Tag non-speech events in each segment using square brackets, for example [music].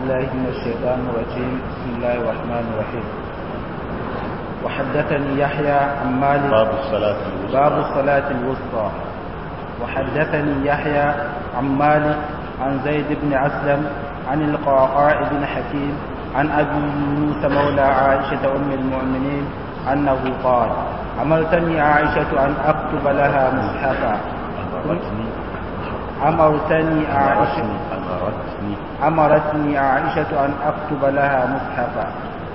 بالله من الشيطان الرجيم بسم الله الرحمن الرحيم وحدثني يحيى عن مالك باب الصلاة الوسطى باب الصلاة الوسطى وحدثني يحيى عن مالك عن زيد بن أسلم عن القعقاع بن حكيم عن أبي موسى مولى عائشة أم المؤمنين أنه قال أمرتني عائشة أن أكتب لها مصحفا أمرتني عائشة أمرتني أمرتني عائشة أن أكتب لها مصحفا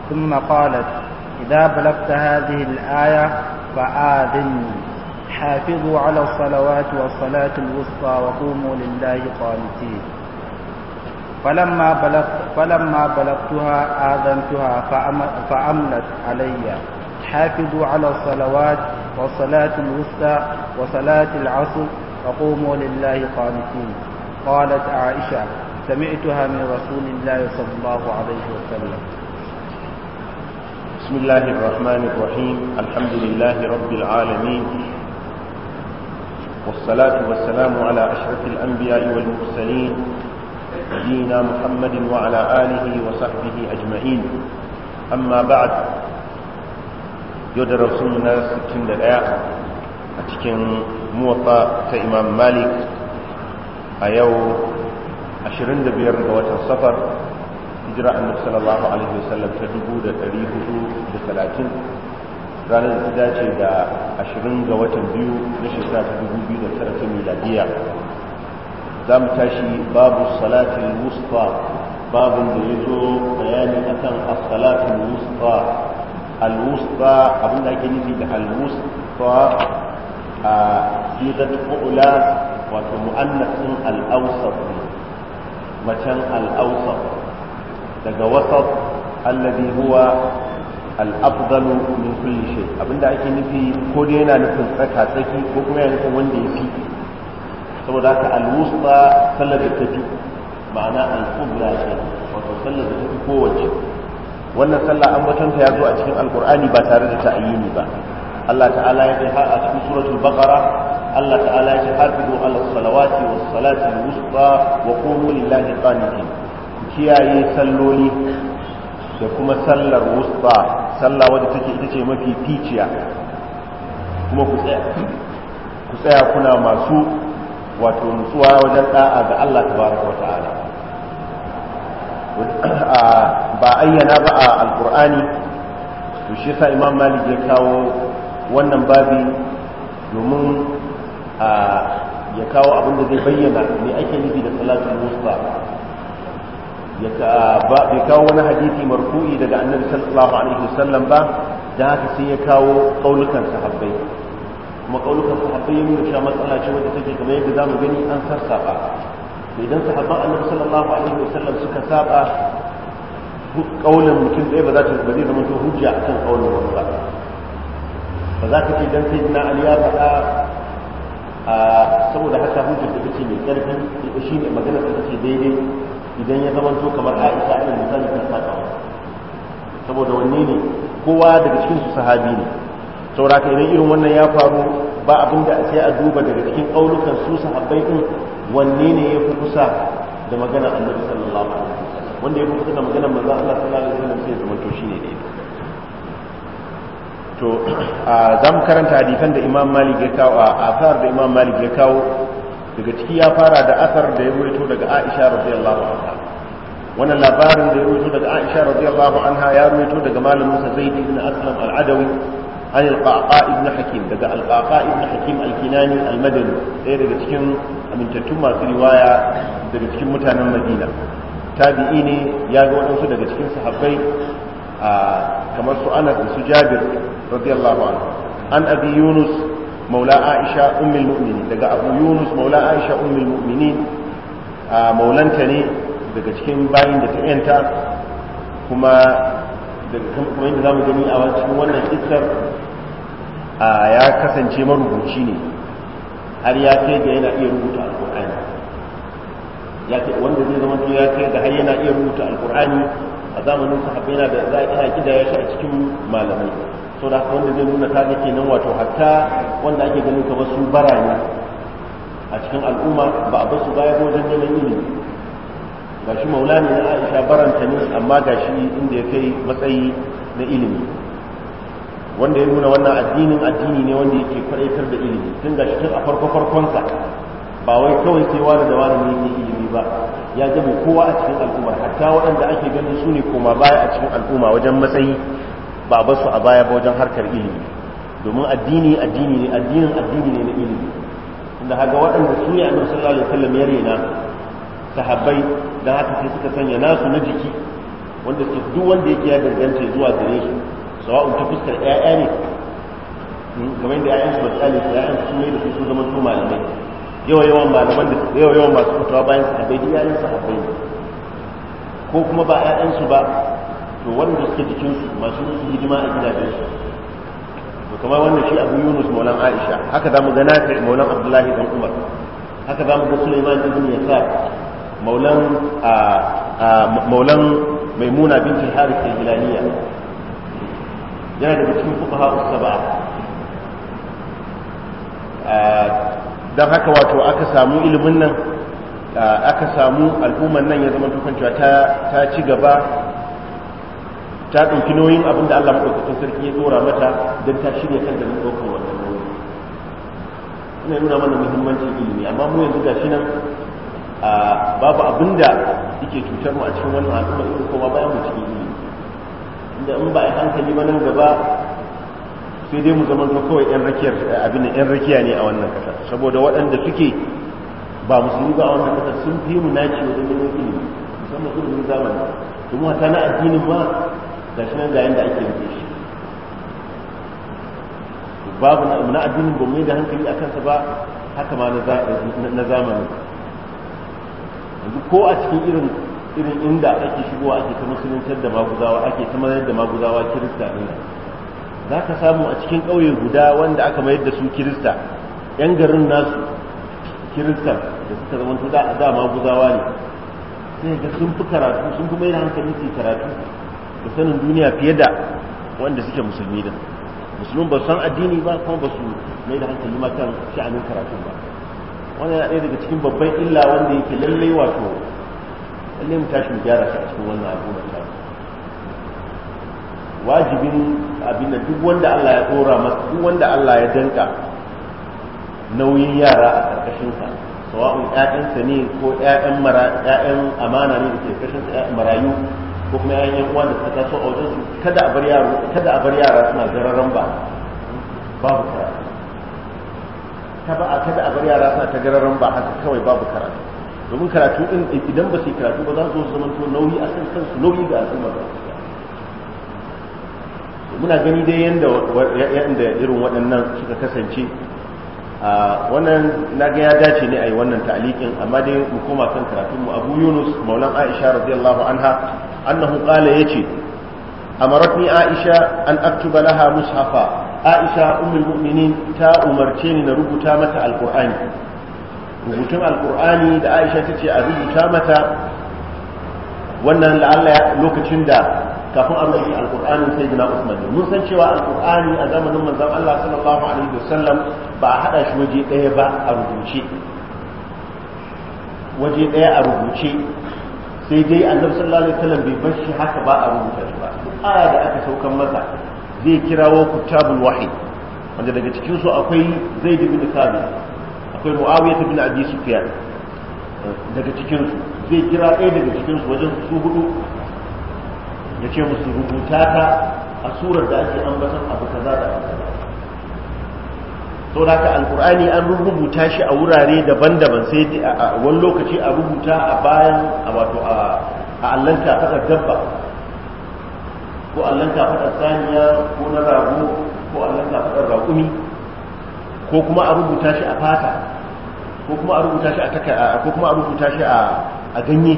ثم قالت إذا بلغت هذه الآية فآذني حافظوا على الصلوات والصلاة الوسطى وقوموا لله قانتين فلما بلغت فلما بلغتها آذنتها فأملت علي حافظوا على الصلوات والصلاة الوسطى وصلاة العصر وقوموا لله قانتين قالت عائشة سمعتها من رسول الله صلى الله عليه وسلم بسم الله الرحمن الرحيم الحمد لله رب العالمين والصلاة والسلام على أشرف الأنبياء والمرسلين نبينا محمد وعلى آله وصحبه أجمعين أما بعد يدرسون الناس 61 أتكن موطأ كإمام مالك a yau 25 ga watan safar hijira annabi sallallahu alaihi wasallam ta 1430 ranar da ta dace da 20 ga watan biyu na shekara ta 2009 miladiya za mu tashi babu salatin wusta babin da ya zo bayani akan as-salatul wusta al abin da ake nufi da al a fi da wato mu'annasin al'ausar ne macen daga wasaf alladhi huwa al'afdalu min kulli shay abinda ake nufi ko dai yana nufin tsaka tsaki ko kuma yana nufin wanda ya fi saboda haka al sallar da ta fi ma'ana al ce wato sallar da ta fi kowace wannan sallah an batanta ya zo a cikin alqur'ani ba tare da ta'ayyini ba Allah ta'ala ya ce har a cikin suratul baqara Allah ta'ala ya ce hafizu ala salawati wa salati wusta wa qulu lillahi qanitin ku kiyaye salloli da kuma sallar wusta sallah wadda take ita ce mafi ficiya kuma ku tsaya ku tsaya kuna masu wato nutsuwa wajen da'a ga Allah tabaraka wa ta'ala ba ayyana ba a alkur'ani to shi yasa imam malik ya kawo wannan babi domin ya kawo abin da zai bayyana me ake nufi da salatul ba bai kawo wani hadisi marfu'i daga annabi sallallahu alaihi wasallam ba da haka sai ya kawo kaulukan sahabbai kuma kaulukan sahabbai yana sha matsala ce wanda take kamar yadda zamu gani an sassaba idan sahabban annabi sallallahu alaihi wasallam suka saba kaulin mutum ɗaya ba za ta ba zai zama to hujja kan kaulin wani ba ba za ka ce dan sayyidina ali ya faɗa saboda haka hujjar da take mai karfi shi ne magana da take daidai idan ya zama to kamar Aisha ne misali ta saka saboda wanne ne kowa daga cikin su sahabi ne saboda idan irin wannan ya faru ba abin da sai a duba daga cikin aulukan su sahabbai din wanne ne ya fi kusa da magana Annabi sallallahu alaihi wasallam wanda ya fi kusa da magana manzo Allah sallallahu alaihi wasallam sai zama to ne daidai to za mu karanta hadisan da imam malik ya kawo a asar da imam malik ya kawo daga ciki ya fara da asar da ya ruwaito daga aisha radiyallahu anha wannan labarin da ya ruwaito daga aisha radiyallahu anha ya ruwaito daga malamin sa zaid ibn aslam al-adawi an al-qaqa ibn hakim daga al-qaqa ibn hakim al-kinani al-madani ɗaya daga cikin amintattun masu riwaya daga cikin mutanen madina tabi'i ne ya ga waɗansu daga cikin sahabbai kamar su anas da su jabir radiyallahu anhu an abi yunus maula aisha ummul mu'minin daga abu yunus maula aisha ummul mu'minin maulanta ne daga cikin bayin da ta yanta kuma daga kuma yadda zamu gani a cikin wannan kissar ya kasance marubuci ne har ya kai ga yana iya rubuta alqur'ani ya kai wanda zai zama ya kai ga har yana iya rubuta alqur'ani a zamanin sahabbai yana da za a kidaya shi a cikin malamai so da wanda zai nuna ta da kenan wato hatta wanda ake ganin ka wasu barani a cikin al'umma ba a basu baya ko wajen neman ilimi ga shi maulani na aisha baranta ne amma ga shi inda ya kai matsayi na ilimi wanda ya nuna wannan addinin addini ne wanda yake kwadaitar da ilimi tun ga shi tun a farko farkonsa ba wai kawai sai wani da wani ne ilimi ba ya zama kowa a cikin al'umma hatta waɗanda ake ganin su ne koma baya a cikin al'umma wajen matsayi ba ba su a baya ba wajen harkar ilimi domin addini addini ne addinin addini ne na ilimi inda haka waɗanda su ne annabi sallallahu alaihi wasallam ya rena sahabbai da haka sai suka sanya nasu na jiki wanda su duk wanda yake ya danganta zuwa gare shi sawa'un ta fuskar ƴaƴa ne game hmm, da ƴaƴansu ba su ƴaƴansu su ne da su zama su malamai yawa yawan malaman da yawa yawan masu fitowa bayan sahabbai da yayin sahabbai ko kuma ba ƴaƴansu ba to wanda suke jikin su masu su hidima a gidajen su to kamar wannan shi Abu Yunus maulan Aisha haka zamu ga Nafi maulan Abdullahi dan Umar haka zamu ga Sulaiman ibn Yasar maulan a maulan Maimuna binti Harith al-Hilaliya yana daga cikin fuqaha usaba don haka wato aka samu ilimin nan aka samu al'umman nan ya zama tukancewa ta ci gaba ta ɗauki noyin abin da Allah maɗaukakin sarki ya tsora mata don ta shirya kan da ɗaukar wannan noyi ina nuna mana muhimmancin ilimi amma mu yanzu ga shi nan babu abin da yake cutar mu a cikin wannan al'umma ko kuma bayan mu cikin ilimi inda in ba a hankali ba nan gaba sai dai mu ta kawai yan rakiyar abin yan rakiya ne a wannan kasar saboda waɗanda suke ba musulmi ba a wannan kasar sun fi mu naci zama yanki ne musamman ilimin zamani domin hata na addinin ba ga shi nan ga yanda ake rike shi babu na addinin ba mu da hankali a kansa ba haka ma na zamani yanzu ko a cikin irin irin inda ake shigowa ake ta musuluntar da maguzawa ake ta mayar da maguzawa kirista ɗin za ka samu a cikin ƙauye guda wanda aka mayar da su kirista 'yan garin nasu kirista da suka zama to da ma guzawa ne sai ga sun fi karatu sun fi mai hankali su karatu da sanin duniya fiye da wanda suke musulmi da musulmi ba san addini ba kuma ba su mai da hankali ma kan sha'anin karatu ba wannan yana ɗaya daga cikin babban illa wanda yake lallai wato lallai mu tashi mu gyara shi a cikin wannan al'ummar da wajibin abin da duk wanda Allah ya tsora masa duk wanda Allah ya danka nauyin yara a sa sawa'un sa ne ko ƴaƴan ƴaƴan amana ne da ke ƙarƙashin marayu ko kuma ƴaƴan ƴan uwan da suka taso a su kada a bar yara kada a bar yara suna gararan ba babu karatu kada a kada a bar yara suna ta gararan ba haka kawai babu karatu domin karatu din idan ba su yi karatu ba za su zama nauyi a kan kansu nauyi ga al'umma muna gani dai yadda irin waɗannan suka kasance a wannan na ga ya dace ne a yi wannan ta'alikin amma dai mu koma kan karatun mu abu yunus maulan aisha radiyallahu anha annahu qala yace amaratni aisha an aktuba laha mushafa aisha ummul mu'minin ta umarce ni na rubuta mata alqur'ani rubutun alqur'ani da aisha tace a rubuta mata wannan la'alla lokacin da kafin an rubuta sai sayyidina usman mun san cewa Alƙur'ani a zamanin manzon Allah sallallahu alaihi wasallam ba a haɗa shi waje daya ba a rubuce waje daya a rubuce sai dai annabi sallallahu alaihi wasallam bai bar shi haka ba a rubuta shi ba aya da aka saukan masa zai kirawo kutabul wahid wanda daga cikin su akwai zaid ibn thabit akwai muawiya ibn abi sufyan daga cikin su zai kira ɗaya daga cikin su wajen su hudu ya ce musu rubuta ta a surar da ake ambaton abu kaza da abu kaza ka alkur'ani an rubuta shi a wurare daban-daban sai a wani lokaci a rubuta a bayan a wato a allon kafaɗar dabba ko allon kafaɗar saniya ko na rago ko allon kafaɗar raƙumi ko kuma a rubuta shi a fata ko kuma a rubuta shi a ganye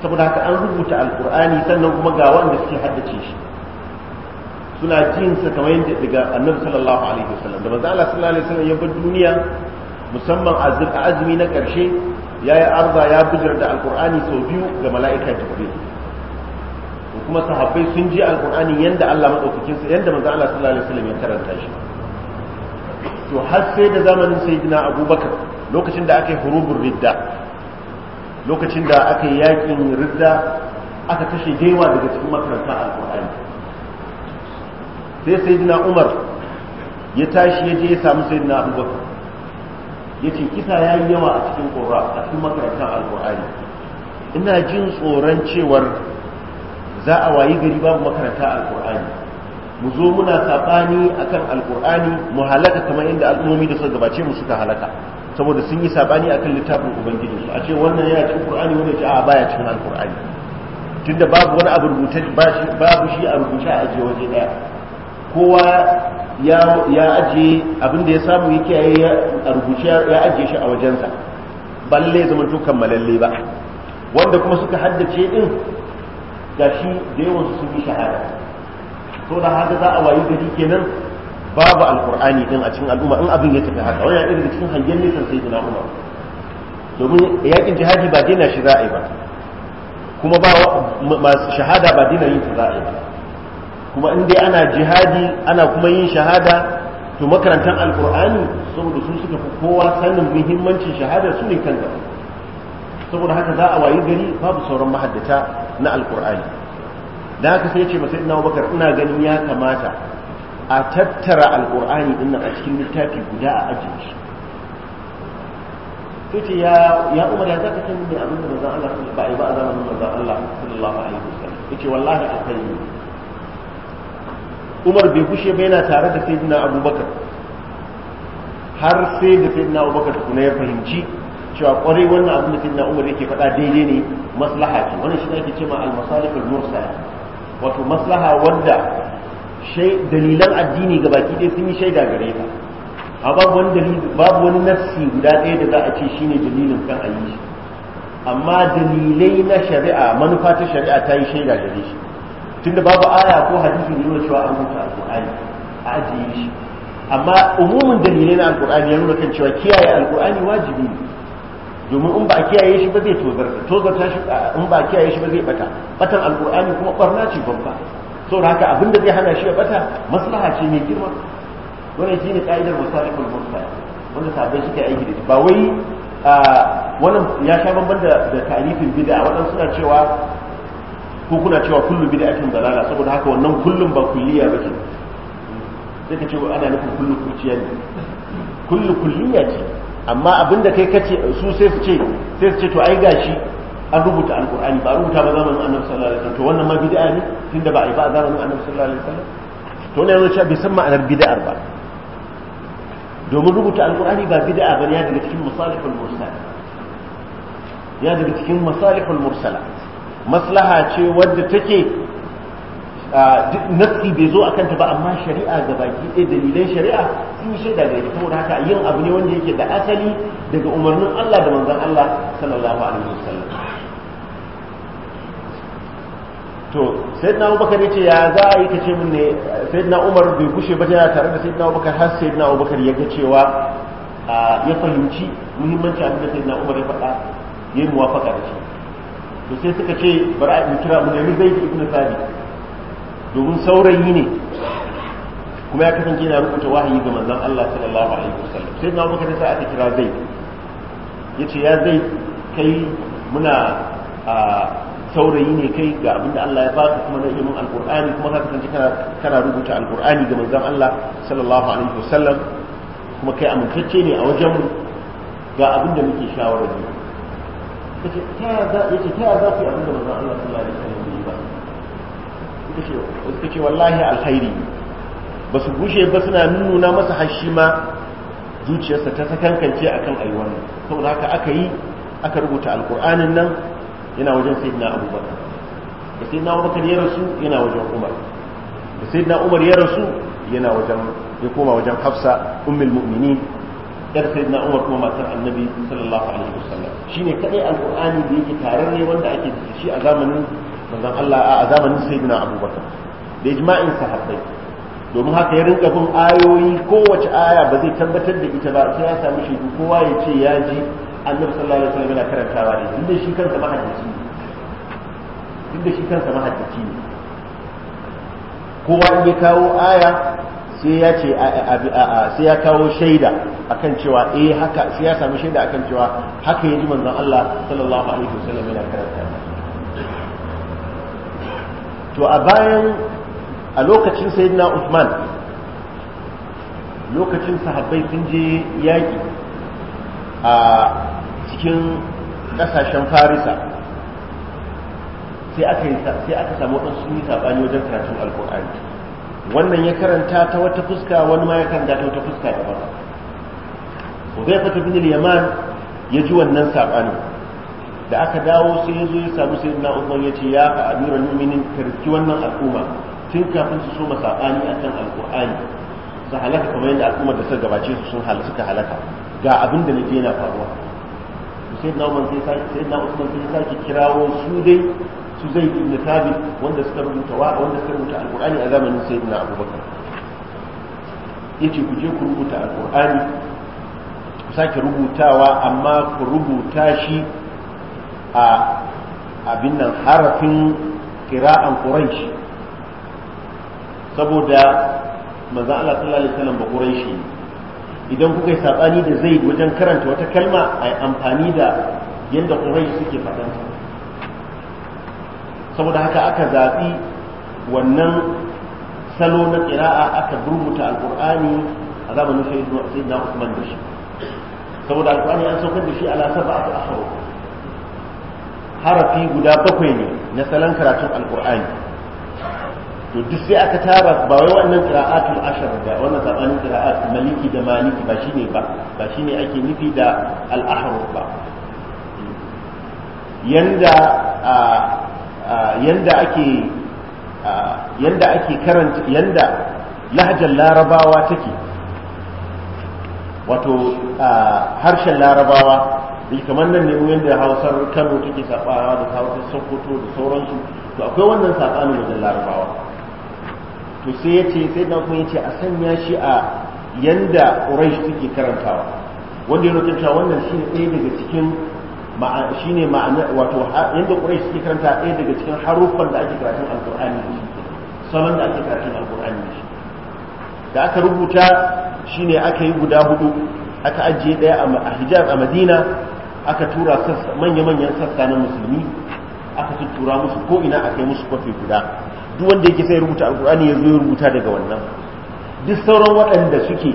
saboda haka an rubuta alkur'ani sannan kuma ga wanda suke haddace shi suna jin sa kamar yadda daga annabi sallallahu alaihi wasallam da manzo Allah sallallahu alaihi wasallam ya bar duniya musamman a azumi na karshe yayi arza ya bujar da alkur'ani sau biyu ga mala'ika jibril kuma sahabbai sun ji alkur'ani yanda Allah madaukakin sa yanda manzo Allah sallallahu alaihi wasallam ya karanta shi to har sai da zamanin sayyidina abubakar lokacin da aka yi hurubun ridda lokacin da aka yi yakin ridda aka kashe daiwa daga cikin makaranta alkur'ani sai sayyidina umar ya tashi ya je ya samu sayyidina abubakar ya ce kisa ya yi yawa a cikin ƙura a cikin makarantar alkur'ani ina jin tsoron cewar za a wayi gari babu makaranta alkur'ani mu zo muna saɓani akan alkur'ani mu halaka kamar inda al'ummomi da suka gabace mu suka halaka saboda sun yi sabani akan littafin ubangiji su a ce wannan yana cikin qur'ani wanda ce a baya cikin alqur'ani tunda babu wani abu rubuta babu shi a rubuce a ajiye waje daya kowa ya ajiye abin da ya samu yake yayi a rubuce ya ajiye shi a wajensa balle zaman to kammalalle ba wanda kuma suka haddace din shi da yawan su sun yi shahada to da haka za a wayi gari kenan babu alkur'ani din a cikin al'umma in abin ya tafi haka wannan irin cikin hangen nisan sai na umar domin yakin jihadi ba dina shi za'a ba kuma ba masu shahada ba dina yin ta ba kuma in dai ana jihadi ana kuma yin shahada to makarantar alkur'ani saboda sun suka fi kowa sanin muhimmancin shahada su ne kan gaba saboda haka za a wayi gari babu sauran mahaddata na alkur'ani da haka sai ce masai ina bakar ina ganin ya kamata a tattara alkur'ani din a cikin littafi guda a ajiye shi kace ya ya umar ya zaka san me abin da manzon Allah ba ai ba a zamanin manzon Allah sallallahu alaihi wasallam kace wallahi akai ne Umar bai kushe ba yana tare da Sayyidina Abubakar har sai da Sayyidina Abubakar kuma ya fahimci cewa kwarai wannan abin da Sayyidina Umar yake faɗa daidai ne maslaha ce wannan shi ake cewa al-masalih al-mursala wato maslaha wanda dalilan addini ga baki ɗaya sun yi shaida gare ka a babu wani dalili babu wani nafsi guda ɗaya da za a ce shine dalilin kan ayi shi amma dalilai na shari'a manufa ta shari'a ta yi shaida gare shi tunda babu aya ko hadisi da nuna cewa an mutu al-ƙur'ani, a ajiye shi amma umumin dalilai na alƙur'ani ya nuna kan cewa kiyaye alƙur'ani wajibi ne domin in ba a kiyaye shi ba zai tozarta tozarta shi in ba a kiyaye shi ba zai bata batan alƙur'ani kuma barna ce babba saboda haka abinda zai hana shi ya bata maslaha ce mai girma wannan ne ka'idar musalikul mursal wanda sabai suke aiki da ba wai wannan ya sha banban da tarifin bid'a wannan suna cewa ko kuna cewa kullu tun dalala saboda haka wannan kullum ba kulliya ba ce sai ka ce ana nufin kullu kuciya ne kullu kulliya ce amma abinda kai kace su sai su ce sai su ce to ai gashi an rubuta alqur'ani ba rubuta ba zamanin annabi sallallahu alaihi wasallam to wannan ma bid'a ne tunda ba a yi ba a zamanin annabi sallallahu alaihi wasallam to ne yana bai san ma'anar bid'ar ba domin rubuta alqur'ani ba bid'a bane ya daga cikin masalihul mursala ya daga cikin masalihul mursala maslaha ce wadda take nafsi bai zo a ta ba amma shari'a ga baki ɗaya dalilan shari'a sun shi shaida da ita kuma haka yin abu ne wanda yake da asali daga umarnin Allah da manzon Allah sallallahu alaihi wasallam to sayyidina abubakar yace ya za a yi kace mun ne sayyidina umar bai gushe ba yana tare da sayyidina abubakar har sayyidina abubakar ya ga cewa ya fahimci muhimmanci abin da sayyidina umar ya faɗa ya yi muwafaka da shi to sai suka ce bari a kira mu zai yi ibn sabi domin saurayi ne kuma ya kasance yana rubuta wahayi ga manzon Allah sallallahu alaihi wasallam sai na abubakar sai aka kira zai yace ya zai kai muna a saurayi ne kai ga abin da Allah ya baka kuma na ilimin alkur'ani kuma ka kasance kana rubuta alkur'ani ga manzon Allah sallallahu alaihi wasallam kuma kai amintacce ne a wajen mu ga abin da muke shawara ne kace ta ya za ku abin da manzon Allah sallallahu alaihi wasallam yi ba kace suka ce wallahi alkhairi ba su gushe ba suna nuna masa hashi ma zuciyarsa ta sakankance akan aiwani saboda haka aka yi aka rubuta alkur'anin nan yana wajen sayyidina abubakar da sayyidina abubakar ya rasu yana wajen umar da sayyidina umar ya rasu yana wajen ya koma wajen hafsa ummul mu'minin yar sayyidina umar kuma matar annabi sallallahu alaihi wasallam shine kadai alqur'ani da yake tararre wanda ake da shi a zamanin manzon Allah a zamanin sayyidina abubakar da ijma'in sahabbai domin haka ya rinka bin ayoyi kowace aya ba zai tabbatar da ita ba sai ya samu shaidu kowa ya ce ya ji annabi sallallahu alaihi wasallam yana karantawa da duk da shi kansa mahaddaci ne duk shi kansa mahaddaci ne kowa in ya kawo aya sai ya ce sai ya kawo shaida akan cewa eh haka sai ya samu shaida akan cewa haka yaji manzon Allah sallallahu alaihi wasallam yana karanta to a bayan a lokacin sayyidina Uthman lokacin sahabbai sun je yaki a cikin ƙasashen farisa sai aka samu waɗansu sun yi saɓani wajen karatun alƙur'ani wannan ya karanta ta wata fuska wani ma ya karanta ta wata fuska zai fata bin yaman ya ji wannan saɓani. da aka dawo sai ya zo ya samu na Uthman ya ce ya fa amirul numinin karki wannan al'umma tun kafin su soma saɓani a kan alkur'ani su halaka kamar yadda al'ummar da suka gabace su sun halaka suka halaka ga abin da nake yana faruwa sai na umar sai na usman sai sake kirawo su dai su zai ibn thabit wanda suka rubuta wa wanda suka rubuta alqur'ani a zamanin sayyidina abubakar yace ku je ku rubuta alqur'ani ku sake rubutawa amma ku rubuta shi a abin nan harafin kira'an quraish saboda manzon Allah sallallahu alaihi wasallam ba quraishi idan kuka yi sabani da zai wajen karanta wata kalma ai amfani da yadda quraishi suke fadanta saboda haka aka zaɓi wannan salo na ƙira'a aka rubuta alƙur'ani a zamanin sai na usman da shi saboda alƙur'ani an saukar da shi ala saba a harafi guda bakwai ne na salon karatun alƙur'ani to duk sai aka tara ba wai wannan qira'atul ashar ba wannan sabanin qira'at maliki da maliki ba shine ba ba shine ake nufi da al-ahruf ba yanda yanda ake yanda ake karanta yanda lahjar larabawa take wato harshen larabawa kamar nan ne yadda hausar kano take sabawa da hausar sokoto da sauransu to akwai wannan sabanin wajen larabawa to sai ya ce sai na kuma ya ce a sanya shi a yanda quraish suke karantawa wanda ya rubuta wannan shine ɗaya daga cikin shine ma'ana wato yanda quraish suke karanta ɗaya daga cikin haruffan da ake karatun alqur'ani salon da ake karatun alqur'ani da aka rubuta shine aka yi guda hudu aka ajiye ɗaya a hijab a madina aka tura manya-manyan sassa na musulmi aka tura musu ko ina aka yi musu kwafi guda duk wanda yake sai rubuta alkur'ani ya zo ya rubuta daga wannan duk sauran waɗanda suke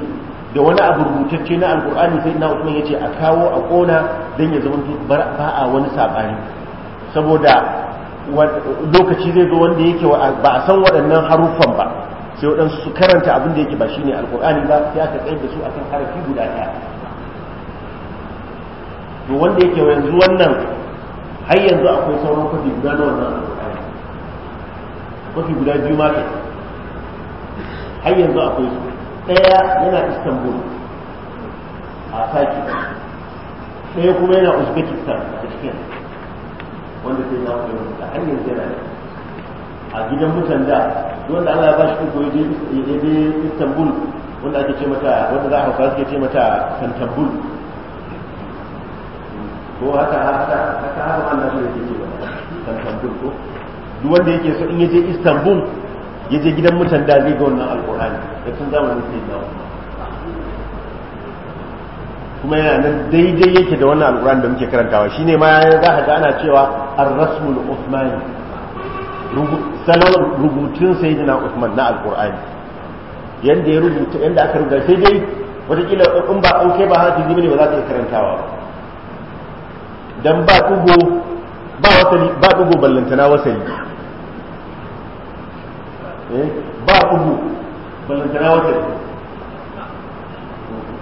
da wani abu rubutacce na alkur'ani sai na usman yace a kawo a kona dan ya zama ba a wani sabani saboda lokaci zai zo wanda yake ba a san waɗannan haruffan ba sai waɗansu su karanta abin da yake ba shine alkur'ani ba sai aka tsayar da su akan harafi guda ɗaya to wanda yake yanzu wannan har yanzu akwai sauran kwafi guda na wannan mafi guda biyu ma kai har yanzu akwai su ɗaya yana istanbul a saki ɗaya kuma yana uzbekistan a cikin wanda sai ku yi a hanyar yana a gidan mutan da wanda Allah ya ba shi kuku istanbul wanda ake ce mata wanda za a hausa suke ce mata santanbul ko haka haka haka haka haka haka haka haka haka haka haka ko duk wanda yake so in yaje Istanbul yaje gidan mutan da zai ga wannan alqur'ani da tun zamanin sai da kuma yana nan daidai yake da wannan alqur'ani da muke karantawa shine ma za ka ga ana cewa ar-rasmul uthmani salon rubutun sayyidina usman na alqur'ani yanda ya rubuta yanda aka rubuta sai dai wataƙila in ba an kai ba hafizi ne ba za ka iya karantawa dan ba ɗugo ba wasali ba dugo ballantana wasali Eh, ba ubu balantana wata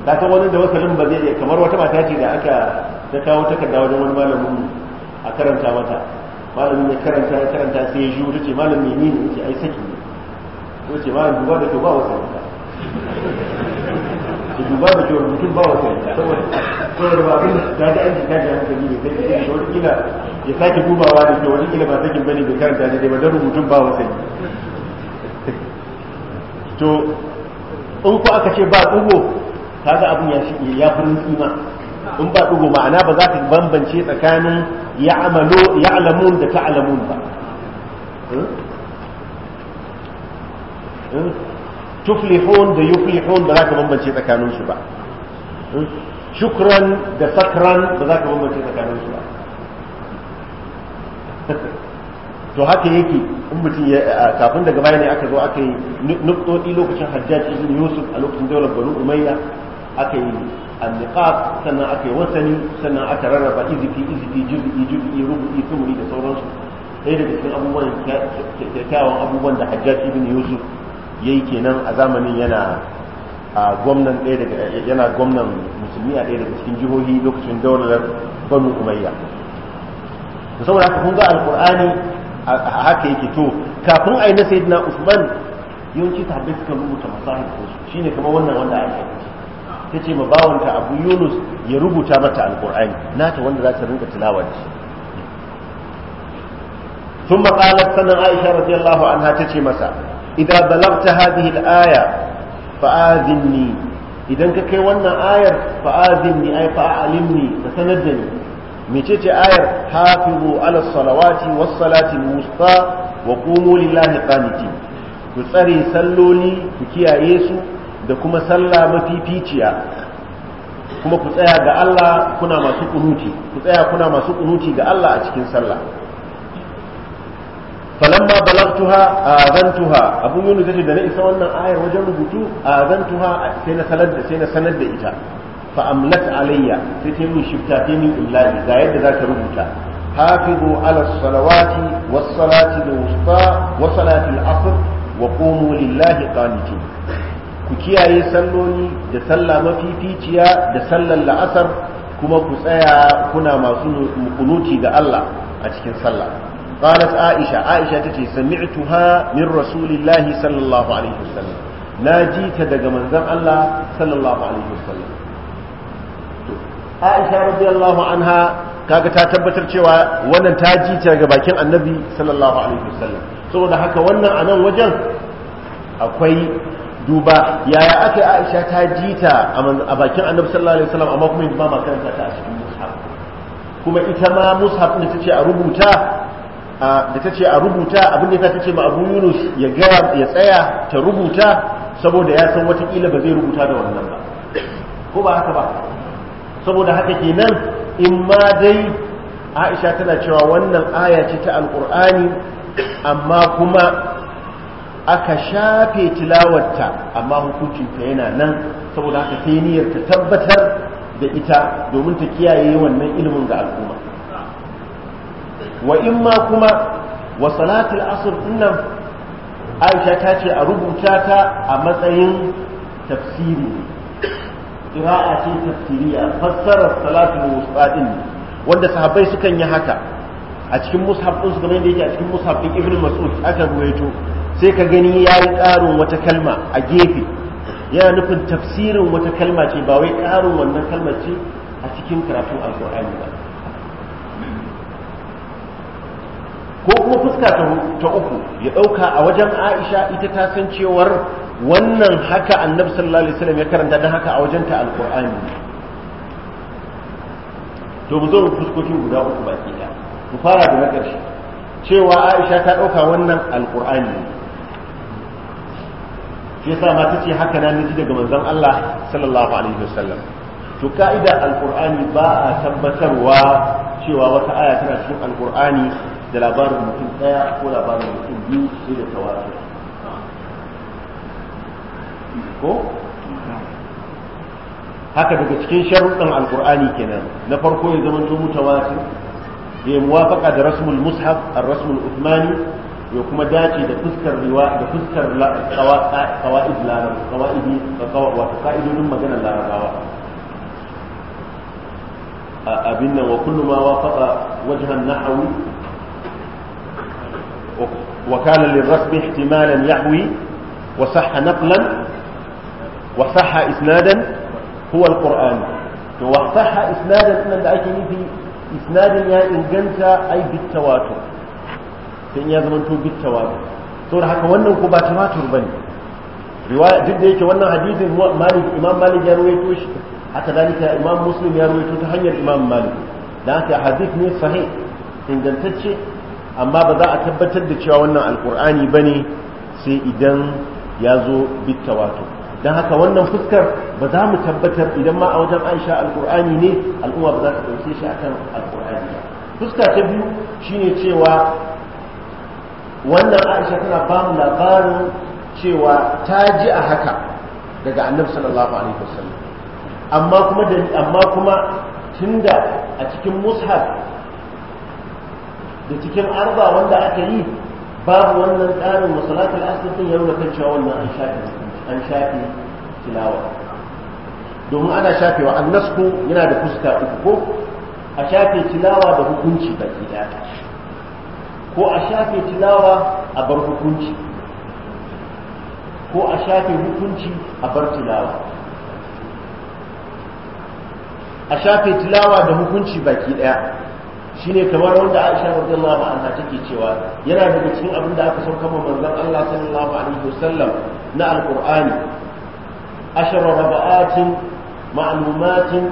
ta san wani da wasalin ba zai iya kamar wata mata ce da aka ta kawo kada wajen wani malamin a karanta mata malamin ya karanta ya karanta sai ya juru ce malamin ne ne ce ai saki ne ko ce malamin duba da kyau ba wata mata ki duba da kyau mutum ba wata mata saboda ba abin da ta aiki ta ga hankali ne sai ya wani kila ya sake dubawa da kyau wani kila ba sakin bane bai karanta ne ba dan rubutun ba wata mata to in ku aka ce ba dugo kaga abin ya shi ya furin kima in ba dugo ma'ana ba za ka bambance tsakanin ya'lamun da ta'lamun ba hmm? Hmm? tuflihun da yuflihun ba za ka bambance tsakanin su ba hmm? shukran da sakran ba za ka bambance tsakanin su ba [laughs] to haka yake in mutum ya kafin daga baya ne aka zo aka yi nuktoɗi lokacin hajjaj ibn yusuf a lokacin daular banu umayya aka yi anniqab sannan aka yi wasani sannan aka rarraba Iziki Iziki jirgi-jirgi rubu'i tumuri da sauransu ɗaya daga cikin abubuwan kyakkyawan abubuwan da hajjaj ibn yusuf ya yi kenan a zamanin yana a gwamnan ɗaya daga yana gwamnan musulmi a ɗaya daga cikin jihohi lokacin daular banu umayya saboda haka kun ga alkur'ani haka yake to kafin a yi na sayyidina usman yawanci sahabbai suka rubuta masahib ko shine kamar wannan wanda aka yi ta ce ma bawanta abu yunus ya rubuta mata alqur'ani nata wanda za ta rinka tilawa ثم قالت سنة عائشة رضي الله عنها تتي مسا إذا idan ka kai wannan ayar كي ونا آية فآذني da فأعلمني ni. ce ayar hafizu ala salawati was salati musta wa qumu lillahi qanitin ku tsare salloli ku kiyaye su da kuma sallah mafificiya kuma ku tsaya ga Allah kuna masu kunuti ku tsaya kuna masu kunuti ga Allah a cikin sallah falamma balagtuha azantuha abu yunus yace da na isa wannan ayar wajen rubutu azantuha sai na sanar da sai na sanar da ita fa alayya sai ta min shifta yadda za ta rubuta hafizu alas salawati was salati al wusta wa salati al wa qumu lillahi qanitin ku kiyaye salloni da sallah mafificiya da sallar la'asar kuma ku tsaya kuna masu kunuti ga Allah a cikin sallah قالت عائشة عائشة تتي سمعتها من رسول الله صلى الله عليه وسلم ناجيت دقى منزم الله صلى الله عليه وسلم aisha radiyallahu anha kaga ta tabbatar cewa wannan ta ji ta ga bakin annabi sallallahu alaihi wasallam saboda haka wannan a nan wajen akwai duba yaya aka yi aisha ta ji a bakin annabi sallallahu alaihi wasallam amma kuma ba ma karanta ta a cikin mushaf kuma ita ma mushaf ne tace a rubuta da ta ce a rubuta abin da ta ce ma abu yunus ya gaya ya tsaya ta rubuta saboda ya san watakila ba zai rubuta da wannan ba ko ba haka ba saboda haka kenan in ma dai aisha tana cewa wannan aya ce ta alkur'ani amma kuma aka shafe tilawarta amma hukuncinta yana nan saboda haka ta niyyar ta tabbatar da ita domin ta kiyaye wannan ilimin ga al'umma wa in ma kuma wa salatul asr nan, aisha ta ce a rubuta ta a matsayin tafsiri qira'a ce tafsiriya fassarar salatul wusta ne wanda sahabbai sukan yi haka a cikin mushaf din su kamar yake a cikin mushaf din ibnu mas'ud aka ruwaito sai ka gani yayi ƙarin wata kalma a gefe yana nufin tafsirin wata kalma ce ba wai ƙarin wannan kalmar ce a cikin karatu alqur'ani ba ko kuma fuska ta uku ya ɗauka a wajen aisha ita ta san cewar wannan haka annabi sallallahu alaihi wasallam ya karanta dan haka a wajenta alqur'ani to mu zo mu fuskokin guda uku baki da mu fara da na ƙarshe cewa Aisha ta ɗauka wannan alqur'ani shi yasa ma tace haka na niji daga manzon Allah sallallahu alaihi wasallam to ka'ida alqur'ani ba a tabbatarwa cewa wata aya tana cikin alqur'ani da labarin mutum daya ko labarin mutum biyu sai da tawatur ko haka daga cikin sharuɗin alkur'ani kenan na farko ya zama to mutawatir ya muwafaqa da rasmul mushaf ar-rasmul uthmani ya kuma dace da fuskar riwa da fuskar qawaid larab qawaidi wa qawaidun maganar larabawa abin nan wa kullu ma wafaqa wajhan nahwi wa kana lirasmi ihtimalan yahwi wa sahha naqlan wa sahha isnadan huwa to wa sahha isnadan da ake nufi isnadin ya inganta ai bittawato sai ya zama to bittawato saboda haka wannan ko ba tumatur bane riwaya duk da yake wannan hadisin malik malik ya rawaito shi haka dalika imam ya ta hanyar imam malik ne sahih ingantacce amma ba za a tabbatar da cewa wannan alkur'ani bane sai idan ya zo wato. don haka wannan fuskar ba za mu tabbatar idan ma a wajen aisha alkur'ani ne al'umma ba za ta ɗauke shi kan alkur'ani ba fuska ta biyu shine cewa wannan aisha tana ba mu labarin cewa ta ji a haka daga annabi sallallahu alaihi wasallam amma kuma da amma kuma tunda a cikin mushaf da cikin arba wanda aka yi babu wannan tsarin masalatul asr din ya nuna kan cewa wannan ta ne. an shafe tilawa domin ana shafewa an nasko yana da fuska uku ko a shafe tilawa da hukunci baki daya ko a shafe tilawa a bar hukunci ko a shafe hukunci a bar tilawa a shafe tilawa da hukunci baki daya shine kamar wanda Aisha radiyallahu anha take cewa yana daga cikin abin da aka sauka ma manzon Allah sallallahu alaihi wasallam na alkur'ani ashara raba'atin ma'lumatin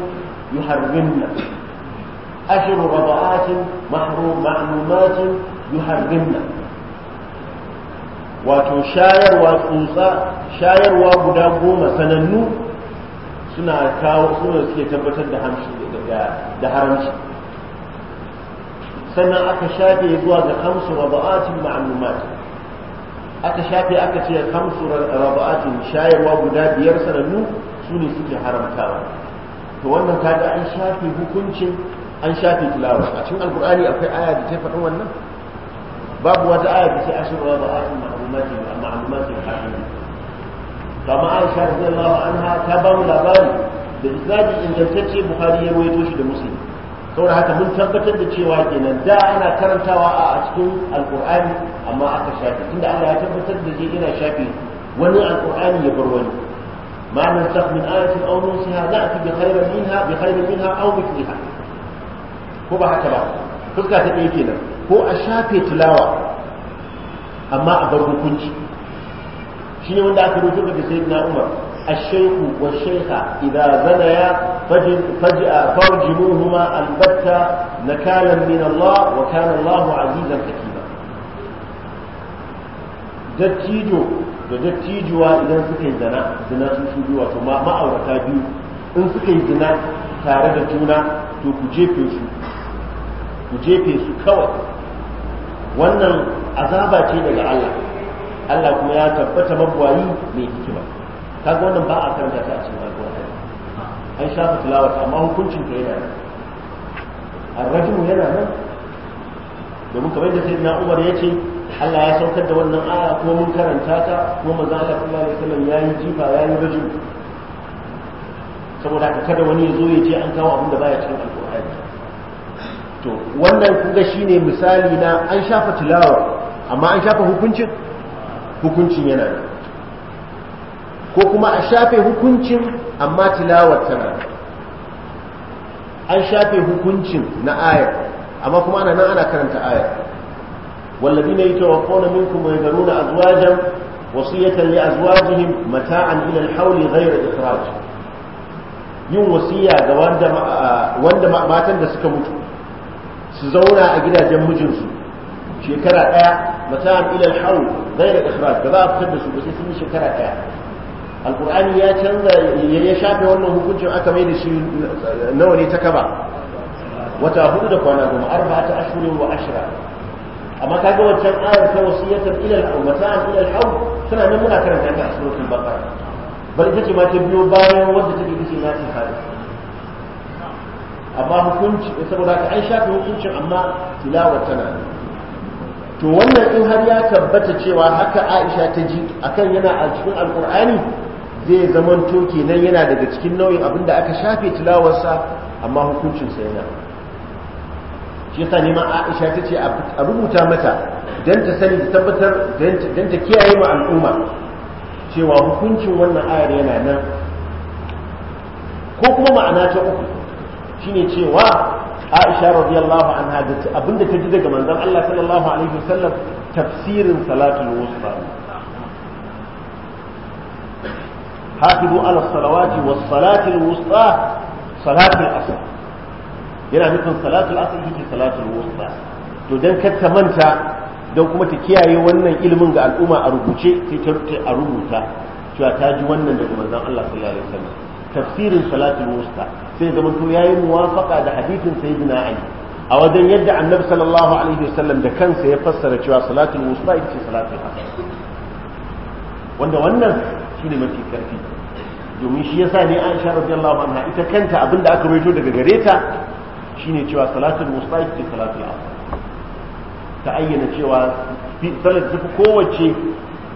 yuharrimna ashara raba'atin ma'lumatin yuharrimna wato shayarwa tsotsa shayarwa guda goma sanannu suna kawo suna suke tabbatar da da haramci sannan aka shafe zuwa ga hamsu raba'atin ma'lumatin aka shafe aka ce kamsu raba'atin shayarwa guda biyar sanannu su ne suke haramtawa to wannan kaga an shafe hukuncin an shafe tilawa a cikin alkur'ani akwai aya da ta faɗi wannan babu wata aya da sai ashir raba'atin ma'lumatin ma'lumatin hakim kama aisha radiyallahu anha ta bamu labari da isnadi ingantacce bukhari ya rawaito shi da muslim saboda haka mun tabbatar da cewa kenan da ana karantawa a cikin alkur'ani amma aka shafe inda Allah ya tabbatar da je ina shafe wani alkur'ani ya bar wani ma nan saf min ayatin aw nusiha fi bi khairin minha bi khairin minha aw mithliha ko ba haka ba fuska ta ɗaya kenan ko a shafe tilawa amma a bar hukunci shine wanda aka rubuta daga sayyidina Umar الشيخ والشيخة إذا زنيا فارجموهما البتة نكالا من الله وكان الله عزيزا حكيما dattijo da dattijuwa idan suka yi zina zina sun shi biyu ma'aurata biyu in suka yi zina tare da juna to ku jefe su kawai wannan azaba ce daga Allah Allah kuma ya tabbata mabwayi mai hikima kaga wannan ba a karanta ta a cikin an shafa tilawata amma hukuncin ta yana nan arrajin yana nan domin kamar da sayyidina umar ya ce Allah ya saukar da wannan aya kuma mun karanta ta kuma manzo Allah sallallahu alaihi wasallam ya yi jifa ya yi rajul saboda haka kada wani ya zo ya ce an kawo abin da baya cikin alkur'ani to wannan kuga shine misali na an shafa tilawa amma an shafa hukuncin hukuncin yana nan ko kuma a shafe hukuncin amma tilawar tana an shafe hukuncin na ayar amma kuma ana nan ana karanta ayar والذين يتوفون منكم ويذرون أزواجا وصية لأزواجهم متاعا إلى الحول غير إخراج yin wasiya ga wanda matan da suka mutu su zauna a gidajen mijinsu shekara ɗaya mata'an ilal haul gaira ikhraj da za a fitar da su ba sai sun yi shekara ɗaya Alƙur'ani ya canza ya shafe wannan hukuncin aka mai da shi nawa ne ta kaba wata hudu da kwana goma arba ta ashirin wa ashira amma kaga wancan ayar ta wasiyatar ilal mata'an ilal hawl Suna nan muna karanta ta a suratul baqara bal ita ce ma ta biyo bayan wanda take kace na ta fara amma hukunci saboda ka an shafe hukuncin amma tilawar tana to wannan in har ya tabbata cewa haka Aisha ta ji akan yana a cikin alqur'ani zai zama toke nan yana daga cikin nau'in abin da aka shafe tilawarsa amma hukuncinsa yana shi ta neman aisha ta ce a rubuta mata don ta sani da tabbatar don ta kiyaye ma al'umma cewa hukuncin wannan ayar yana nan ko kuma ma'ana ta uku shine cewa aisha radiyallahu anha da abinda ta ji daga manzon Allah sallallahu alaihi wasallam tafsirin salatul wusta hafidu ala salawati wa salatul wusta salatul asr yana nufin salatul asr yake salatul wusta to dan kar ta manta dan kuma ta kiyaye wannan ilimin ga al'umma a rubuce sai ta a rubuta cewa ta ji wannan daga manzon Allah sallallahu alaihi wasallam tafsirin salatul wusta sai zama to yayi muwafaqa da hadithin sayyidina ali a wajen yadda annabi sallallahu alaihi wasallam da kansa ya fassara cewa salatul wusta ita ce salatul asr wanda wannan shine mafi karfi domin shi yasa ne Aisha radiyallahu anha ita kanta abinda aka rawaito daga gare ta shine cewa salatul wusta ce salatul asr ta ayyana cewa salat ta kowace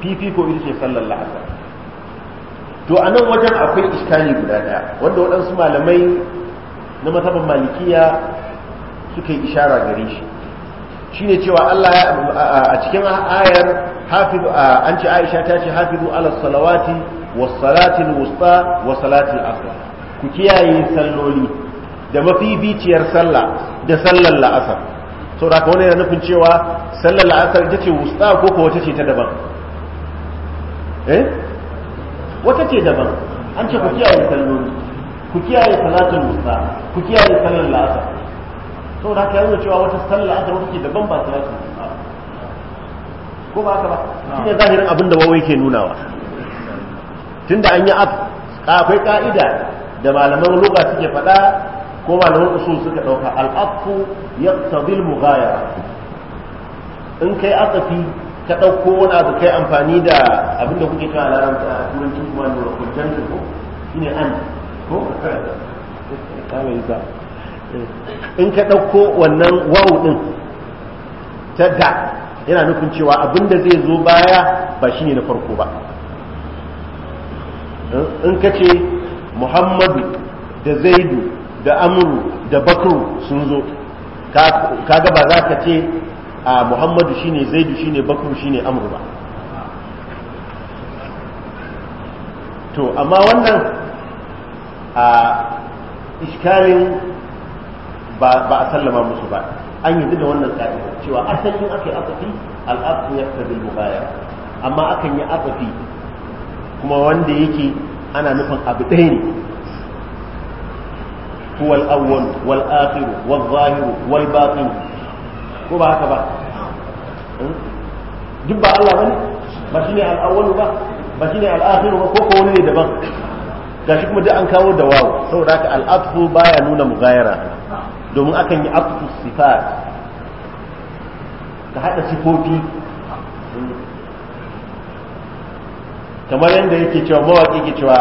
fifiko ita ce sallar la'asar to a nan wajen akwai iskali guda daya wanda waɗansu malamai na mazhabin malikiya suka yi ishara gare shi shine cewa Allah a cikin ayar hafizu an ce Aisha ta ce hafizu ala salawati wasalatin wusta wasalatin salatul asr ku kiyaye salloli da mafificiyar sallah da sallar la'asar sau da kawai yana nufin cewa sallar la'asar ita ce wusta ko ko wata ce ta daban eh wata ce daban an ce ku kiyaye salloli ku kiyaye salatin wusta ku kiyaye sallar la'asar sau da haka yana cewa wata sallar la'asar wata ce daban ba ta wusta ko ba haka ba ne zahirin abin da wawai ke nunawa tunda an yi abu akwai ka'ida da malaman lugha suke faɗa ko malaman usul suka ɗauka al'afu ya mu mughaya in kai akafi ka ɗauko wani abu kai amfani da abin da kuke kan larabci a turanci kuma da kuntan ko shine an ko in ka ɗauko wannan wawu ɗin ta da yana nufin cewa abin da zai zo baya ba shi ne na farko ba in ka ce muhammadu da zaidu da amuru da bakru sun zo kaga ba za ka ce a muhammadu shine zaidu shine bakru shine amuru ba to amma wannan a iskalin ba a sallama musu ba an yi da wannan ka'ida cewa asalin aka yi asafi al'afin ya tabi amma akan yi asafi kuma wanda yake ana nufin abu ɗaya ne huwal awwal wal akhir wal zahir wal batin ko ba haka ba hmm? duk ba Allah bane ba shine al awwal ba ba shine al akhir ba ko ko wani ne daban gashi kuma duk an kawo da wawo saboda haka al atfu baya nuna mugayara domin akan yi atfu sifat ka hada sifofi kamar yadda yake cewa mawaƙi ke cewa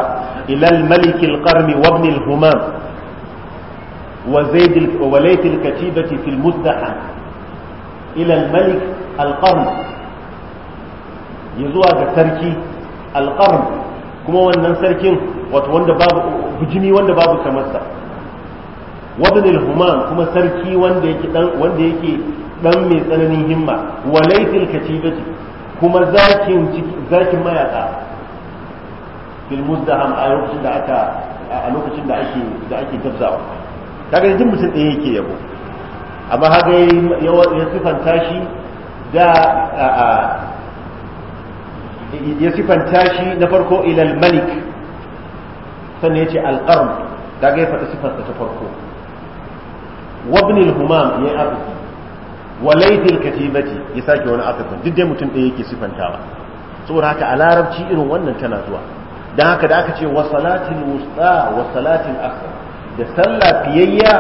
ilal malikil qarni wa ibn humam wa zaid wa layt al katibati fil muzdaha ila al malik al qarn yazuwa ga sarki al qarn kuma wannan sarkin wato wanda babu bujimi wanda babu kamar sa wa ibn al humam kuma sarki wanda yake dan wanda yake dan mai tsananin himma wa layt al katibati kuma zakin zakin mayaka fil muzdaham a lokacin da aka a lokacin da ake da ake gabzawa kaga mutum ɗaya yake yabo amma haka ya sifanta shi da ya sifanta shi na farko ilal malik sannan ya ce qarn kaga ya faɗi sifar ta farko wabnil humam ya yi abu al katibati ya sake wani akafin duk dai mutum ɗaya yake sifantawa saboda haka a larabci irin wannan tana zuwa don haka da aka ce wa salatin wusta wa salatin akhar da sallah fiyayya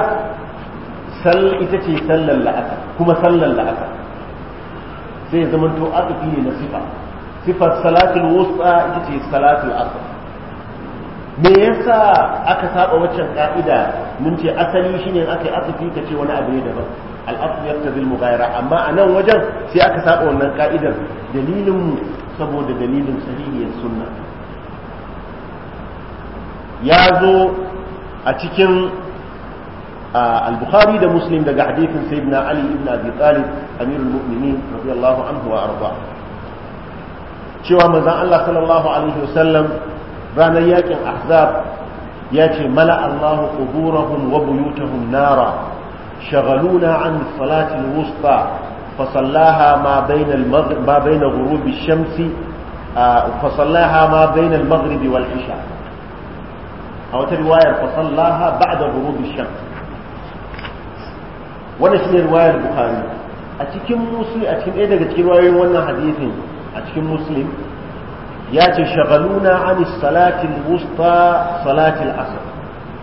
sal ita ce sallar la'asar kuma sallar la'asar sai ya zama to ne na sifa sifar salatin wusta ita ce salatin asr me yasa aka saba waccan ka'ida mun ce asali shine in aka yi atufi ka ce wani abu ne daban al'afu yaqtadi al-mughayra amma a nan wajen sai aka saba wannan ka'idar dalilin mu saboda dalilin sahihiyar sunna ya zo a cikin al-bukhari da muslim daga hadithin sayyidina ali ibn abi talib amirul mu'minin radiyallahu anhu wa arda cewa manzon Allah sallallahu alaihi ranar yaƙin ahzab ya ce mala Allah quburahum wa buyutahum nara shagaluna an wusta فصلاها ما بين المغرب ما بين غروب الشمس فصلاها ما بين المغرب والعشاء a wata riwayar fa sallaha ba'da ghurubi shams wannan shine riwayar bukhari a cikin musulmi a cikin ɗaya daga cikin riwayoyin wannan hadisin a cikin musulmi ya ce shagaluna an salatin wusta salatin asr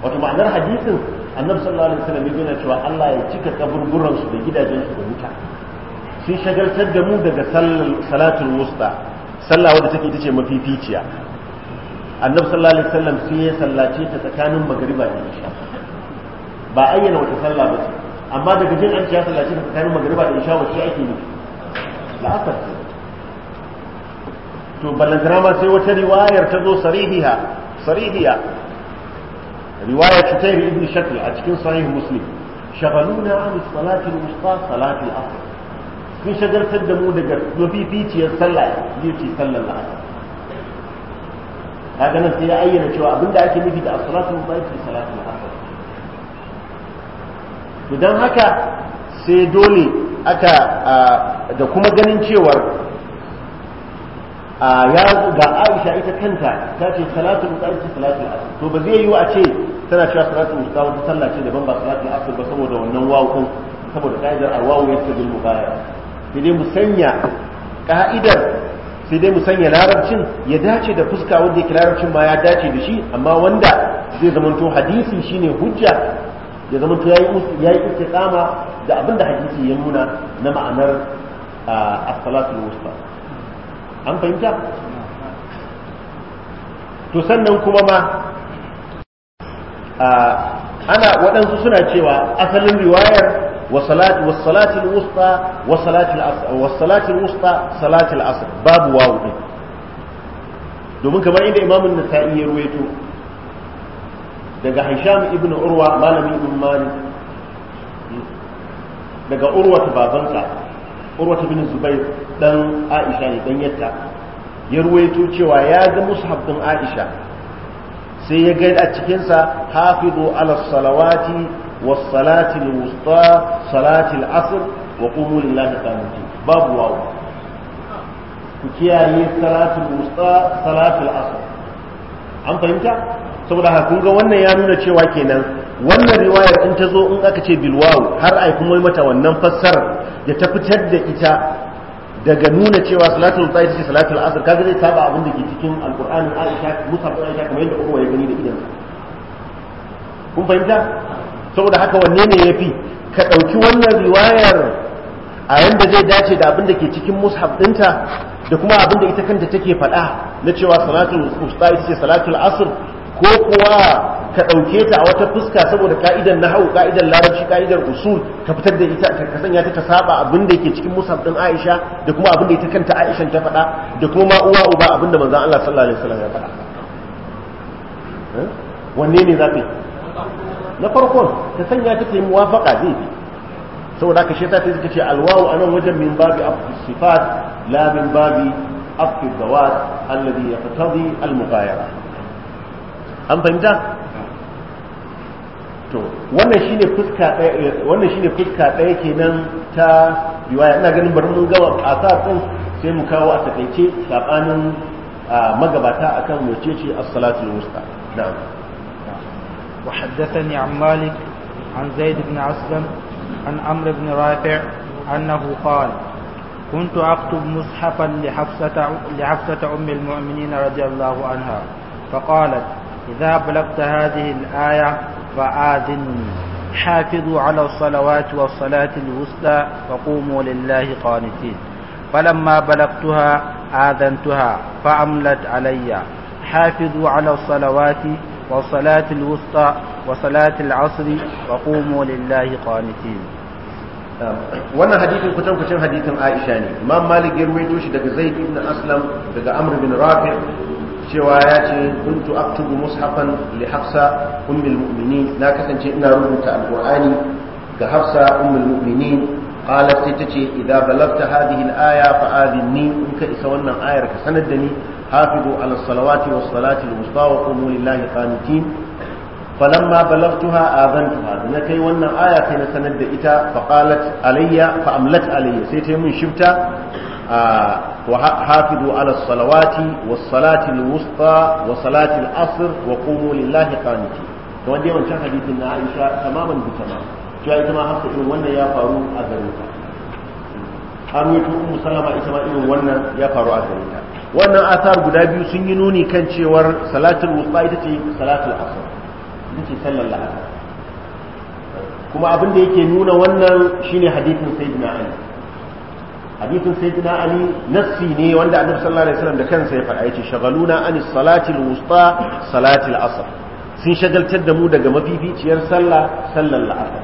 wato ma'anar hadisin annabi sallallahu alaihi wasallam yana cewa Allah ya cika kaburburan su da gidajen su da wuta sun shagaltar da mu daga salatin wusta sallah wadda take ita ce mafificiya annabi sallallahu alaihi wasallam sai ya sallace ta tsakanin magriba da isha ba ayyana wata sallah ba amma daga jin an ya sallace ta tsakanin magriba da isha wacce ake nufi la'asar ce to ballantana ma sai wata riwayar ta zo sarihiya sarihiya riwayar ta tayi ibn shakl a cikin sahih muslim shagaluna an salati al-wusta salati al-asr sun shagaltar da mu daga mafificiyar sallah yake sallar al-asr kaga nan sai ya ayyana cewa abinda ake nufi da as-salatu mubaki salatu al-asr to dan haka sai dole aka da kuma ganin cewar ya ga Aisha ita kanta ta ce salatu mubaki salatu al-asr to ba zai yiwu a ce tana cewa salatu mubaki wata sallah ce daban ba salatu al-asr ba saboda wannan wawu saboda ka'idar al-wawu bil mubaya sai dai mu sanya ka'idar sai dai mu sanya larabcin ya dace da fuska wanda yake larabcin ma ya dace da shi amma wanda zai zamanto hadisi shine hujja ya zamanto yayi istiqama da abinda hadisi ya nuna na ma'anar as-salatul wusta an fahimta to sannan kuma ma ana waɗansu suna cewa asalin riwayar وصلاة والصلاة الوسطى وصلاة العصر والصلاة الوسطى صلاة العصر باب واو دي domin kamar inda imamun nasa'i ya ruwaito daga hisham ibn urwa malami ibn mali daga urwa ta urwa ta bin zubair dan aisha ne ya cewa ya ga mushaf din aisha sai ya ga a cikinsa hafizu ala salawati والصلاة الوسطى صلاة العصر وقوموا لله قانتين باب واو كياي صلاة الوسطى صلاة العصر an fahimta saboda haka kun ga wannan ya nuna cewa kenan wannan riwayar in ta zo in aka ce bilwawu har ai kuma mata wannan fassarar da ta fitar da ita daga nuna cewa salatul tsayi ce salatul asr kaga zai saba abin da ke cikin alqur'ani aisha musab aisha kamar yadda kowa ya gani da idan kun fahimta saboda haka wanne ne yafi ka ɗauki wannan riwayar a yanda zai dace da abin da ke cikin mushaf ɗinta da kuma abin da ita kanta take faɗa na cewa salatul usta ita ce salatul asr ko kuwa ka ɗauke ta a wata fuska saboda ka'idan hau, ka'idan larabci ka'idar usul ka fitar da ita ka sanya ta ta saba abin da ke cikin musab din Aisha da kuma abin da ita kanta Aisha ta faɗa da kuma ma uwa uba abin da manzon Allah sallallahu alaihi wasallam ya faɗa wanne ne zafi na farkon ta sanya ta yi muwafaka zai fi saboda ka sheta ta ce alwawu anan wajen min babi afdhi sifat la min babi afdhi zawat alladhi yaqtadi almughayara an fahimta to wannan shine fuska ɗaya wannan shine fuska ɗaya kenan ta riwaya ina ganin bari mun gawa a sa tsin sai mu kawo a takaice sabanin ah, magabata akan wacece as-salatul wusta na'am وحدثني عن مالك عن زيد بن أسلم عن عمرو بن رافع أنه قال كنت أكتب مصحفا لحفصة, لحفصة أم المؤمنين رضي الله عنها فقالت إذا بلغت هذه الآية فآذني حافظوا على الصلوات والصلاة الوسطى وقوموا لله قانتين فلما بلغتها آذنتها فأملت علي حافظوا على الصلوات والصلاة الوسطى وصلاة العصر وقوموا لله قانتين wannan hadithin kutan kutan hadithin Aisha ne Imam Malik ya ruwaito shi daga Zaid ibn Aslam daga Amr bin Rafi' cewa ya ce kuntu aktubu mushafan li Hafsa ummul mu'minin na kasance ina rubuta alqur'ani ga Hafsa ummul mu'minin qalat sai tace idza balagta hadhihi al-aya fa in ka isa wannan ayar ka sanar da ni حافظوا على الصلوات والصلاة الوسطى وقوموا لله قانتين فلما بلغتها آذنتها نكي وانا آية كنا سند إتا فقالت علي فأملت علي سيتي من شبتا آه وحافظوا على الصلوات والصلاة الوسطى وصلاة العصر وقوموا لله قانتين وان دي وانشان حديثنا عائشة تماما بتمام جاء إتما حصل وانا يا فاروق أذنتها أميت أم سلمة إتما إن وانا يا فاروق أذنتها wannan asar guda biyu sun yi nuni kan cewar salatul wusta ita ce salatul asar. ita ce sallar la'asar kuma abin da yake nuna wannan shine hadithin sayyidina ali hadithin sayyidina ali nassi ne wanda annabi sallallahu alaihi wasallam da kansa ya faɗa yace shagaluna anis salatil wusta salatil asar. sun shagaltar da mu daga mafificiyar sallah sallar la'asar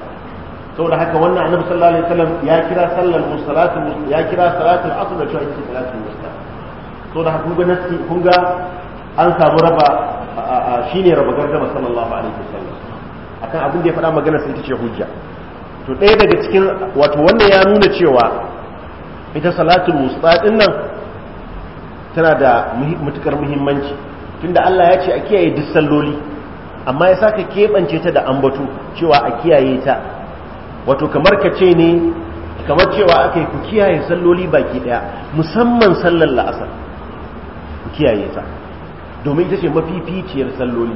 saboda haka wannan annabi sallallahu alaihi wasallam ya kira sallar salatul ya kira salatul asr da cewa ita salatul wusta so da kun ga nasi kun ga an samu raba shine raba gargama sallallahu alaihi wasallam akan abin da ya faɗa magana sai tace ce hujja to ɗaya daga cikin wato wannan ya nuna cewa ita salatul musta din nan tana da mutukar muhimmanci tunda Allah ya ce a kiyaye duk salloli amma ya saka keɓance ta da ambato cewa a kiyaye ta wato kamar ka ce ne kamar cewa aka yi ku kiyaye salloli baki ɗaya musamman sallar la'asar ku kiyaye ta domin ita ce mafificiyar salloli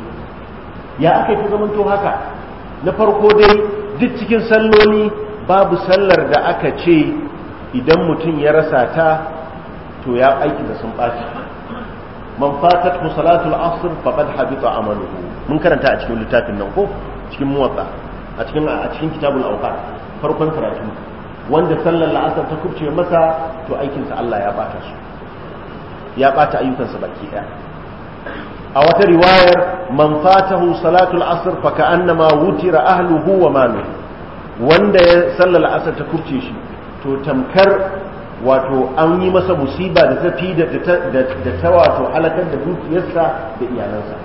ya aka zaman zamanto haka na farko dai duk cikin salloli babu sallar da aka ce idan mutum ya rasa ta to ya aiki da sun ɓaci man fatat ku al asr faqad habita amaluhu mun karanta a cikin littafin nan ko cikin muwatta a cikin a cikin kitabul awqat farkon karatu wanda sallar la'asar ta kubce masa to aikinsa Allah ya ɓata su ya ɓata ayyukansa baki ɗaya. a wata riwayar man fatahu salatul asr fa ka'annama wutira ahluhu wa malu wanda ya sallar asr ta kurce shi to tamkar wato an yi masa musiba da fi da ta wato halakar da dukiyarsa da iyalansa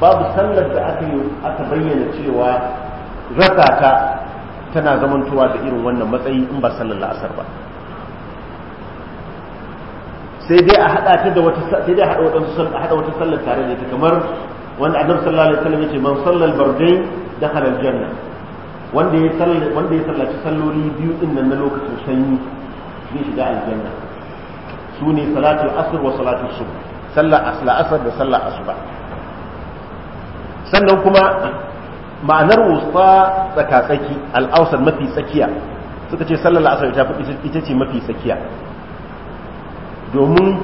babu sallar da aka yi aka bayyana cewa rasa ta tana zamantowa da irin wannan matsayi in ba sallar la'asar ba sai dai a hada ta da wata sai dai a hada wata a hada wata sallar tare da ita kamar wanda annabi sallallahu alaihi wasallam yace man sallal bardain dakhala aljanna wanda ya sallar wanda ya sallaci salloli biyu din nan na lokacin sanyi zai shiga aljanna su ne salatul asr wa salatu subh sallar asla asr da sallar asuba sannan kuma ma'anar wusta tsaka tsaki al-awsat mafi tsakiya suka ce sallar asr ita ce mafi tsakiya domin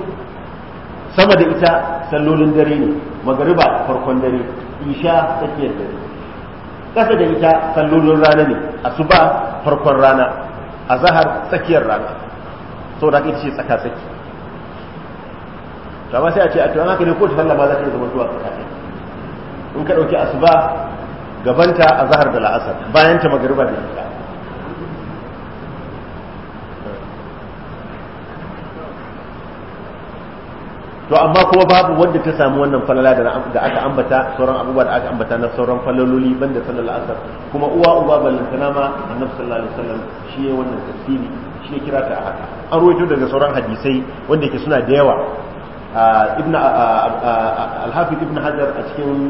sama da ita sallolin dare ne magariba farkon dare isha tsakiyar dare ƙasa da ita sallolin rana ne asuba farkon rana azahar tsakiyar rana sau da ita ce tsaka-tsaki kama sai a ce a tuwa haka ne ko ta ma za ta yi zama zuwa tsaka-tsaki in ka ɗauki asuba gabanta azahar da la'asar bayan ta magariba da ita to amma kuma babu wanda ta samu wannan falala da aka ambata sauran abubuwa da aka ambata na sauran falaloli banda sallar asar kuma uwa uba ballantana ma annabi sallallahu alaihi wasallam shi ya wannan tafsiri shi ya kira ta haka an rawaito daga sauran hadisai wanda yake suna da yawa ibn al-hafiz ibn hajar a cikin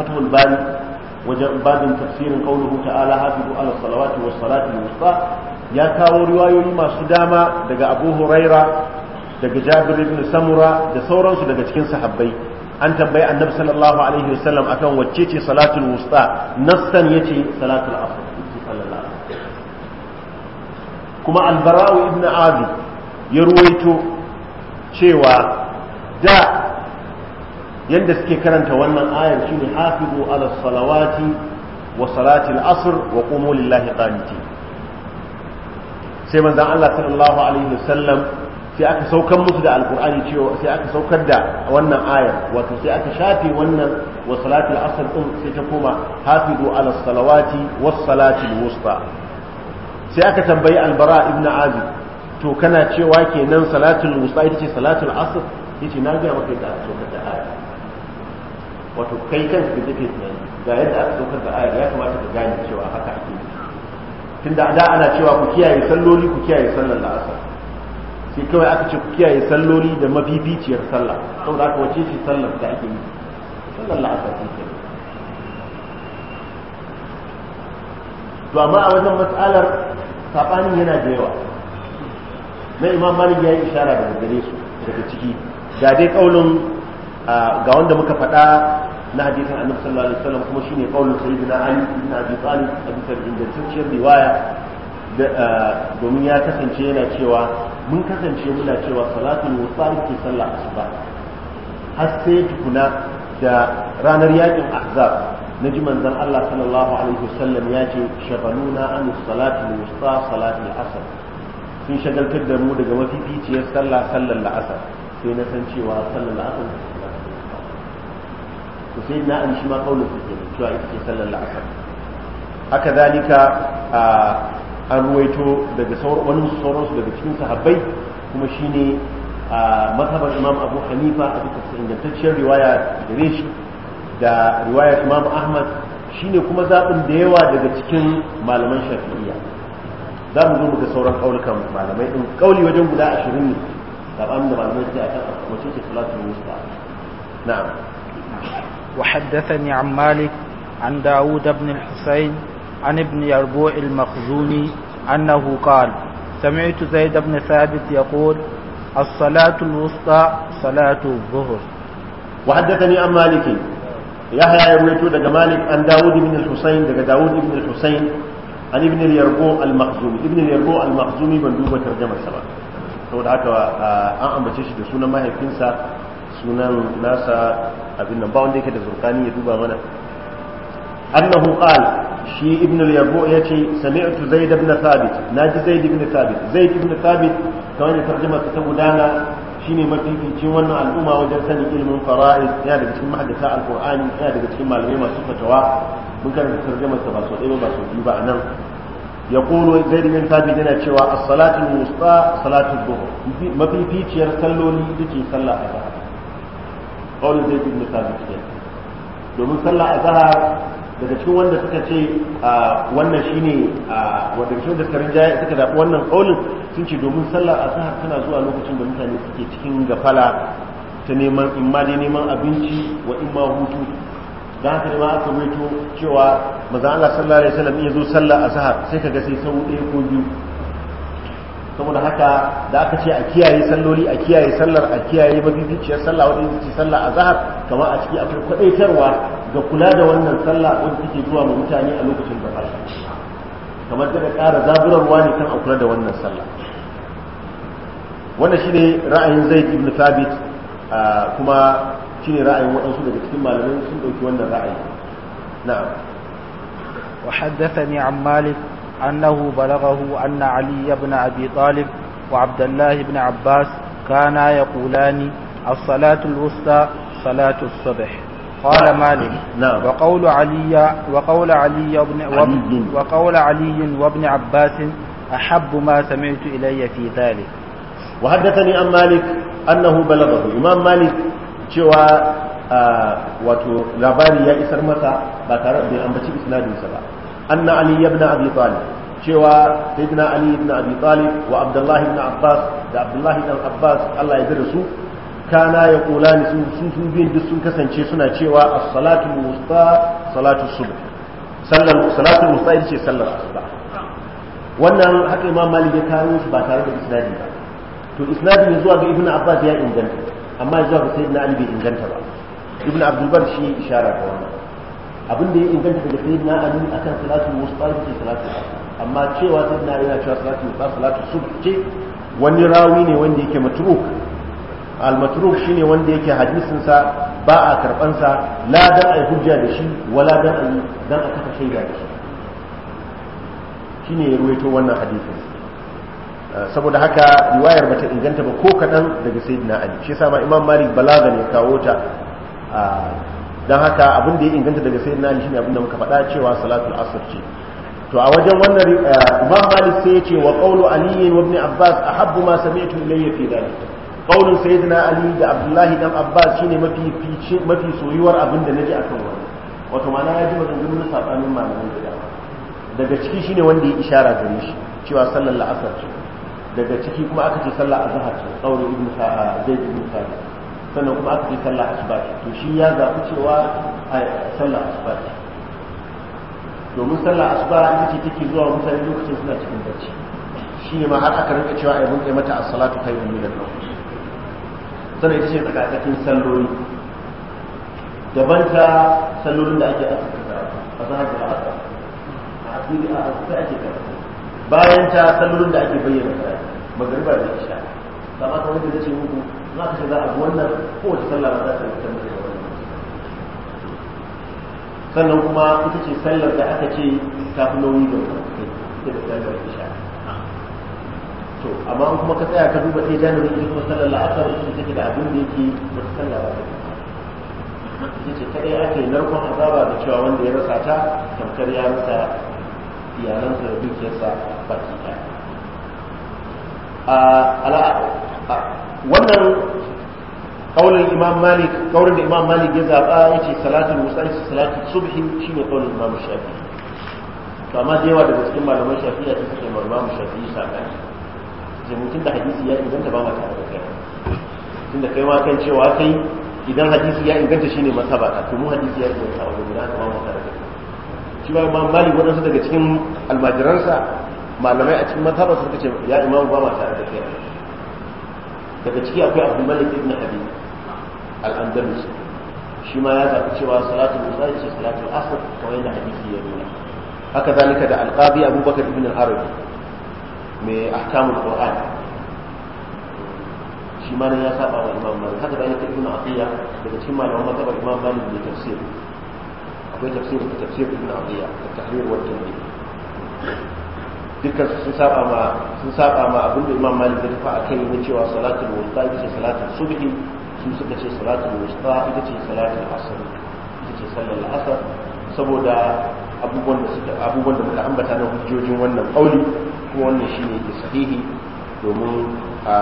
fathul bari wajen babin tafsirin qauluhu ta'ala hafizu ala salawati was salati wusta ya kawo riwayoyi masu dama daga abu huraira daga jabir ibn samura da sauransu daga cikin sahabbai an tambayi annabi sallallahu alaihi wasallam akan wacce ce salatul wusta nassan yace salatul asr kuma albarawi ibn abi ya ruwaito cewa da yadda suke karanta wannan ayar shine hafizu ala salawati wa salatil asr wa qumu lillahi qanitin sai manzon Allah sallallahu alaihi wasallam sai aka saukar musu da alkur'ani cewa sai aka saukar da wannan ayar wato sai aka shafe wannan wa salatul asr din sai ta koma hafizu ala salawati was salatil wusta sai aka tambayi albara ibn azib to kana cewa kenan salatul wusta ita ce salatul asr yace na ga maka da saukar da ayar wato kai kan da kake tunani ga yadda aka saukar da ayar ya kamata ka gane cewa haka ake tunda da ana cewa ku kiyaye salloli ku kiyaye sallar asr sai kawai aka ce ku kiyaye salloli da mafificiyar sallah saboda aka wace shi sallar da ake yi sallar la'asar ce ke to amma a wajen matsalar sabanin yana da yawa na imam malik ya yi ishara daga gare su daga ciki ga dai kaulin ga wanda muka faɗa na hadisin annabi sallallahu alaihi wasallam kuma shine kaulin sayyidina ali ibn abi talib a bisa ingantacciyar riwaya domin ya kasance yana cewa mun kasance muna cewa salatul wusta ke sallah asuba har sai tukuna da ranar yakin ahzab na ji manzon Allah sallallahu alaihi wasallam ya ce shagaluna an salatul wusta salatul asr sun shagaltar da mu daga mafificiyar sallah sallar la'asar sai na san cewa sallar la'asar to sai na an shi ma kaulin su ke cewa ita ce sallar la'asar haka zalika an ruwaito daga wani sauransu daga cikin sahabbai kuma shi ne a mazhabar imam abu hanifa a bisa ingantacciyar riwaya gare shi da riwayar imam ahmad shi ne kuma zaɓin da yawa daga cikin malaman shafi'iyya za mu zo mu ga sauran ƙaunukan malamai ɗin ƙauli wajen guda ashirin ne zaɓen da malamai suke akan wace ce salatu musta na'am وحدثني عن مالك عن داود بن الحسين عن ابن يربوع المخزوني أنه قال سمعت زيد بن ثابت يقول الصلاة الوسطى صلاة الظهر وحدثني عن مالك يحيى يرويته دقى مالك عن داود بن الحسين دقى داود بن الحسين عن ابن اليربوع المخزومي ابن اليربوع المخزومي مندوبة ترجمة سبا saboda haka an ambace shi da sunan mahaifinsa sunan nasa abin nan ba wanda yake da zurkani ya duba mana annahu qala shi ibn al-yarbu yace sami'tu zaid ibn thabit naji zaid ibn thabit zaid ibn thabit kamar da tarjuma ta gudana shine mafificin wannan al'umma wajen sanin ilimin fara'is yana daga cikin mahaddata alqur'ani yana daga cikin malamai masu fatawa mun karanta tarjumar sa ba so ɗaya ba biyu ba يقول زيد بن ثابت هنا cewa الصلاه الوسطى صلاه الظهر ما في فيتيار صلولي دكي صلاه الظهر قول زيد بن ثابت domin sallah azhar daga cikin wanda suka ce ah, wannan shi ne ah, wanda cikin da jaya suka zaɓi wannan ƙaunin sun ce domin a zahar tana zuwa lokacin da mutane suke cikin gafala ta neman in ma neman abinci wa in ma hutu don haka ma aka waito cewa maza Allah sallallahu alaihi wasallam ya zo a zahar sai ka ga sai sau ɗaya ko biyu saboda haka da aka ce a kiyaye salloli a kiyaye sallar a kiyaye mafificiyar sallah wadda ita ce sallah zahar kamar a ciki akwai kwadaitarwa ga kula da wannan sallah wanda take zuwa ma mutane a lokacin da fashi kamar ta ƙara zaburarwa ne kan a kula da wannan sallah wannan shine ra'ayin zaid ibn thabit kuma shine ra'ayin waɗansu daga cikin malamai sun ɗauki wannan ra'ayi na'am وحدثني عن مالك أنه بلغه أن علي بن أبي طالب وعبد الله بن عباس كانا يقولان الصلاة الوسطى صلاة الصبح قال مالك نعم وقول علي وقول علي وابن وقول علي وابن عباس أحب ما سمعت إلي في ذلك وحدثني عن مالك أنه بلغه إمام مالك cewa wato labari ya isar masa ba tare da ambaci isnadinsa ba anna ali ibn abi talib cewa sayyidina ali ibn abi talib wa abdullahi ibn abbas da abdullahi ibn abbas Allah ya zira su kana ya kula ni su su biyun duk sun kasance suna cewa as-salatu wusta salatu subh sallan salatu wusta ita ce sallar asuba wannan haka imam malik ya kawo shi ba tare da isnadi ba to isnadi ne zuwa ga ibn abbas ya inganta amma zuwa ga sayyidina ali bai inganta ba ibn abdul bar shi isharar da wannan abin da ya inganta daga sayyidina ali akan salatu wusta ita ce salatu amma cewa sayyidina ali yana cewa salatu wusta salatu subh ce wani rawi ne wanda yake matruk al-matruk shine wanda yake hadisin sa ba a karban sa la dan ai hujja da shi wala dan ai dan a kafa shaida da shi shine ya ruwaito wannan hadisin eh, saboda haka riwayar bata inganta ba ko kadan daga sayyidina ali shi yasa ma imam malik balaga ne kawo ta ah, dan haka abin da ya inganta daga sayyidina ali shine abin da muka faɗa cewa salatul asr ce to a wajen wannan eh, imam malik sai ya ce wa qawlu ali ibn abbas ahabbu ma sami'tu ilayya fi dalika kaulin sayyidina ali da abdullahi dan abbas shine mafi fice mafi soyuwar abin da naji akan wani wato ma'ana ya ji maganganu na sabanin malamin da dama daga ciki shine wanda ya ishara gare shi cewa sallar la'asar ce daga ciki kuma aka ce sallar azhar ce kaulin ibn sa'a zai ibn sa'a sannan kuma aka ce sallar asuba ce to shi ya zaɓi cewa sallar asuba ce domin sallar asuba ita ce take zuwa mutane lokacin suna cikin bacci shi ne ma har aka rinka cewa a yi mata as-salatu khairun min an-nawm sannan ita ce tsakatsakin salloli daban ta sallolin da ake a zahar da asa a asiri a asusta ake karatu bayan ta sallolin da ake bayyana ta magariba da isha kama ta wanda ta ce muku za ka shiga za a wannan kowace sallah za ta yi tambayar sannan kuma ita ce sallar da aka ce ta fi nauyi da wani da ta isha to amma kuma ka tsaya ka duba sai janibin ita kuma sallar la'asar su take da abin da yake ba su sallah ba ita ce kadai ake narkon azaba da cewa wanda ya rasa ta tamkar ya rasa iyalansa da dukiyarsa baki ɗaya wannan kaulin imam malik kaulin da imam malik ya zaba yace salatul musalli ce salatul subhi shine kaulin imam shafi'i to amma da yawa daga cikin malaman shafi'i da suke marmamu shafi'i sakani jami'in da hadisi ya inganta ba ma ta da kai tunda kai ma kan cewa kai idan hadisi ya inganta ne masa ta to mu hadisi ya inganta wajen guda ba ma ta da kai shi ba ma mali waɗansu daga cikin almajiransa malamai a cikin mazhabar suka ce ya imamu ba ma tare da kai daga ciki akwai abu malik ibn na al-andalus shi ma ya zaɓi cewa salatu musa ce salatu asr kawai da hadisi ya nuna haka zalika da alqabi abubakar ibn al-arabi mai ahkamul qur'an shi ma ya saba wa imam malik haka da yake ibnu aqiya daga cikin malaman mazhabar imam malik ne tafsir akwai tafsir da tafsir ibnu aqiya da tahrir wa tanbih dukkan sun saba ma sun saba ma abinda imam malik ya tafi akai ne cewa salatul wusta ita ce salatul subhi su suka ce salatul wusta ita ce salatul asr ita ce sallar asr saboda abubuwan da suka abubuwan da muka ambata na hujjojin wannan kauli kuma wannan shine ke sahihi domin a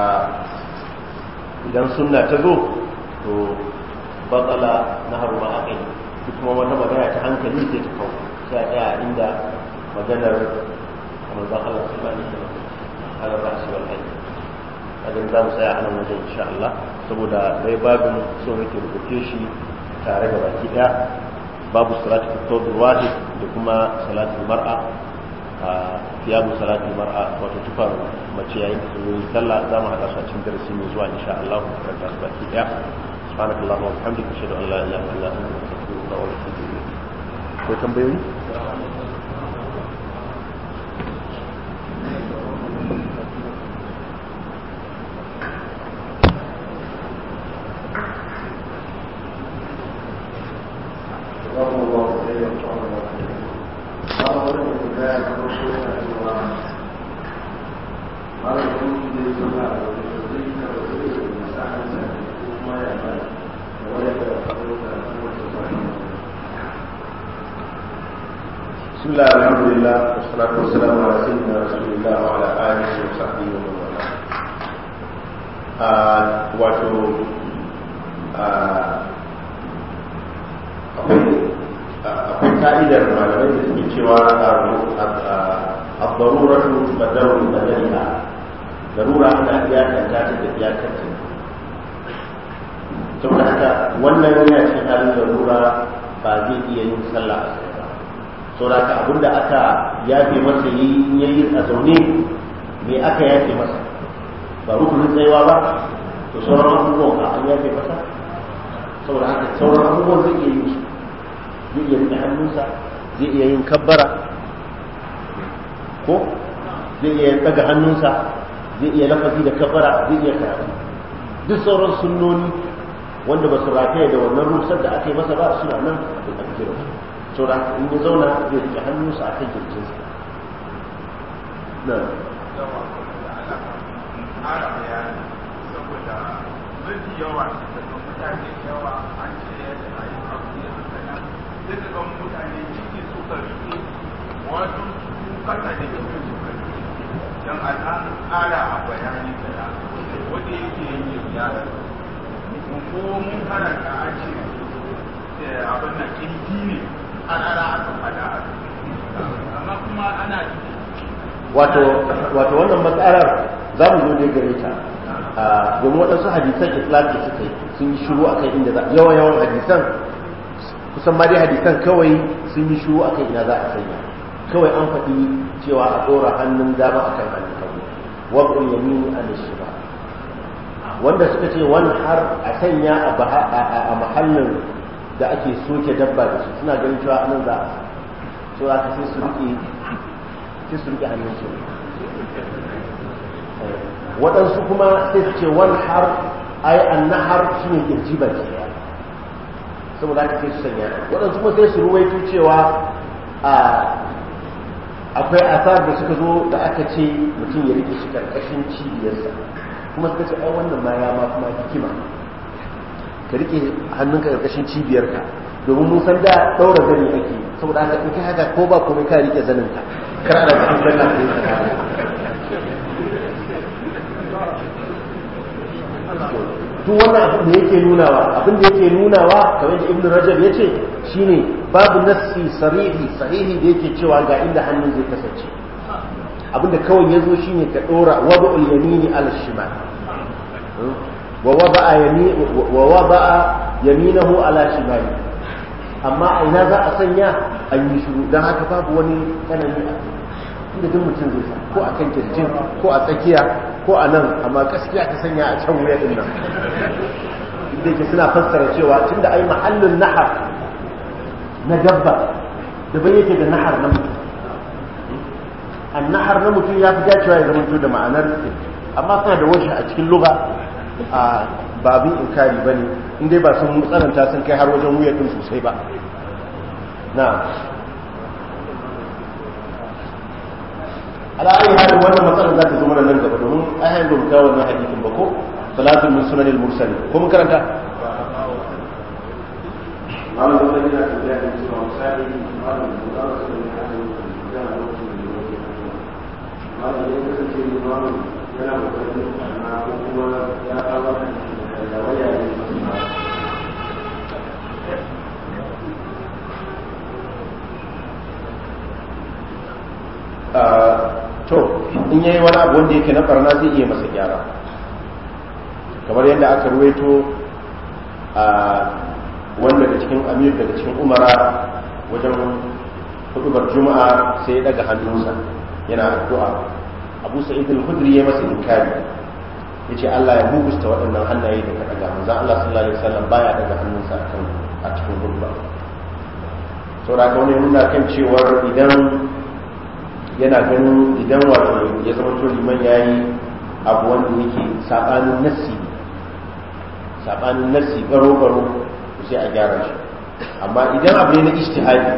idan sunna ta zo to batsala na haruma a kai duk kuma wata magana ta hankali sai ta kawo sai a tsaya inda maganar manzon Allah sallallahu alaihi wasallam ala ra'si wal kadan za mu tsaya a nan wajen insha Allah saboda bai babu so muke rubuce shi tare da baki daya babu salatu tawbir wajib da kuma salatu mar'a a tiyabu salatu mar'a wato tufar mace yayin da sun sallah za mu haɗa su a cikin darasi mai zuwa insha Allah mu karanta su baki ɗaya subhanakallahumma wa bihamdika ashhadu an la ilaha illa anta astaghfiruka wa atubu ilayk ko tambayoyi ya kace saboda haka wannan yana cikin halin larura ba zai iya yin sallah a tsaye ba da haka abinda aka yafe masa yi in yayi a zaune me aka yafe masa ba rukunin tsayawa ba to sauran abubuwan ba an yafe masa saboda haka sauran abubuwan zai iya yin su zai iya rike hannunsa zai iya yin kabbara ko zai iya yin daga hannunsa zai iya lafazi da kabara zai iya karatu duk sauran sunnoni wanda ba su rataya da wannan rusar da aka yi masa ba suna nan da ƙarfirar su da in ya zauna zai rike hannunsa a kan kirjinsa na mutane cikin wasu kasa da don wato wannan matsalar za mu zo dai gare ta domin waɗansu hadisan da suka yi sun yi shuru a kan inda za yawan yawan hadisan kusan ma dai hadisan kawai sun yi shuru shiru kan ina za a sanya kawai an faɗi cewa a ɗora hannun dama a kan hannun hagu wakil yamini a nishira wanda suka ce wani har a sanya a mahallin da ake soke dabba da su suna ganin cewa anan za a so za ka sai su riƙe sai su hannun su waɗansu kuma sai su ce wani har ai an nahar shi ne ƙirji ba ke saboda ake sai su sanya waɗansu kuma sai su ruwaito cewa a akwai asar da suka zo da aka ce mutum ya rike shi karkashin cibiyarsa kuma suka ce ai wannan ma ya ma kuma hikima ka rike hannunka karkashin cibiyarka domin mun san da daura zani ake saboda haka in kai haka ko ba komai ka rike zaninka kar ana cikin sallah ko yin duk wannan abin da yake nunawa abin da yake nunawa kamar da ibn rajab ya ce shine babu nassi sarihi sahihi da yake cewa ga inda hannun zai kasance abin da kawai ya shine ka dora wada'ul yamini al shimal wa wada'a yami wa wada'a yaminahu ala shimal amma a ina za a sanya an yi shiru dan haka babu wani tsanani a inda duk mutum zai ko a kan kirjin ko a tsakiya ko a nan amma gaskiya ka sanya a can wuya din nan inda yake suna fassara cewa tun da ai mahallin nahar na dabba daban yake da nahar na mutum hmm? an nahar na mutum ya fi dacewa ya zama da ma'anar amma suna da wajen a cikin luga a babin inkari ba ne inda ba sun tsananta sun kai har wajen wuya din sosai ba na ala'ayi hali wannan matsalar za ta zo mana nan gaba ai har yanzu kawo wannan hadisin ba ko salatul musnad al mursal ko mun karanta to in yayi wani abu wanda yake na barna zai iya masa gyara kamar yadda aka ruwaito a wanda daga cikin amir daga cikin umara wajen hudubar juma'a sai ya daga hannunsa yana addu'a abu sa'id al-khudri ya masa inkari yace Allah ya mugusta waɗannan hannaye da ka daga manzo Allah sallallahu alaihi wasallam baya daga hannunsa akan a cikin gurba saboda ka wani nuna kan cewar idan yana ganin idan wato ya zama to liman ya yi abu wanda yake saɓanin nassi saɓanin nassi baro-baro sai a gyara shi amma idan abu ne na ijtihadi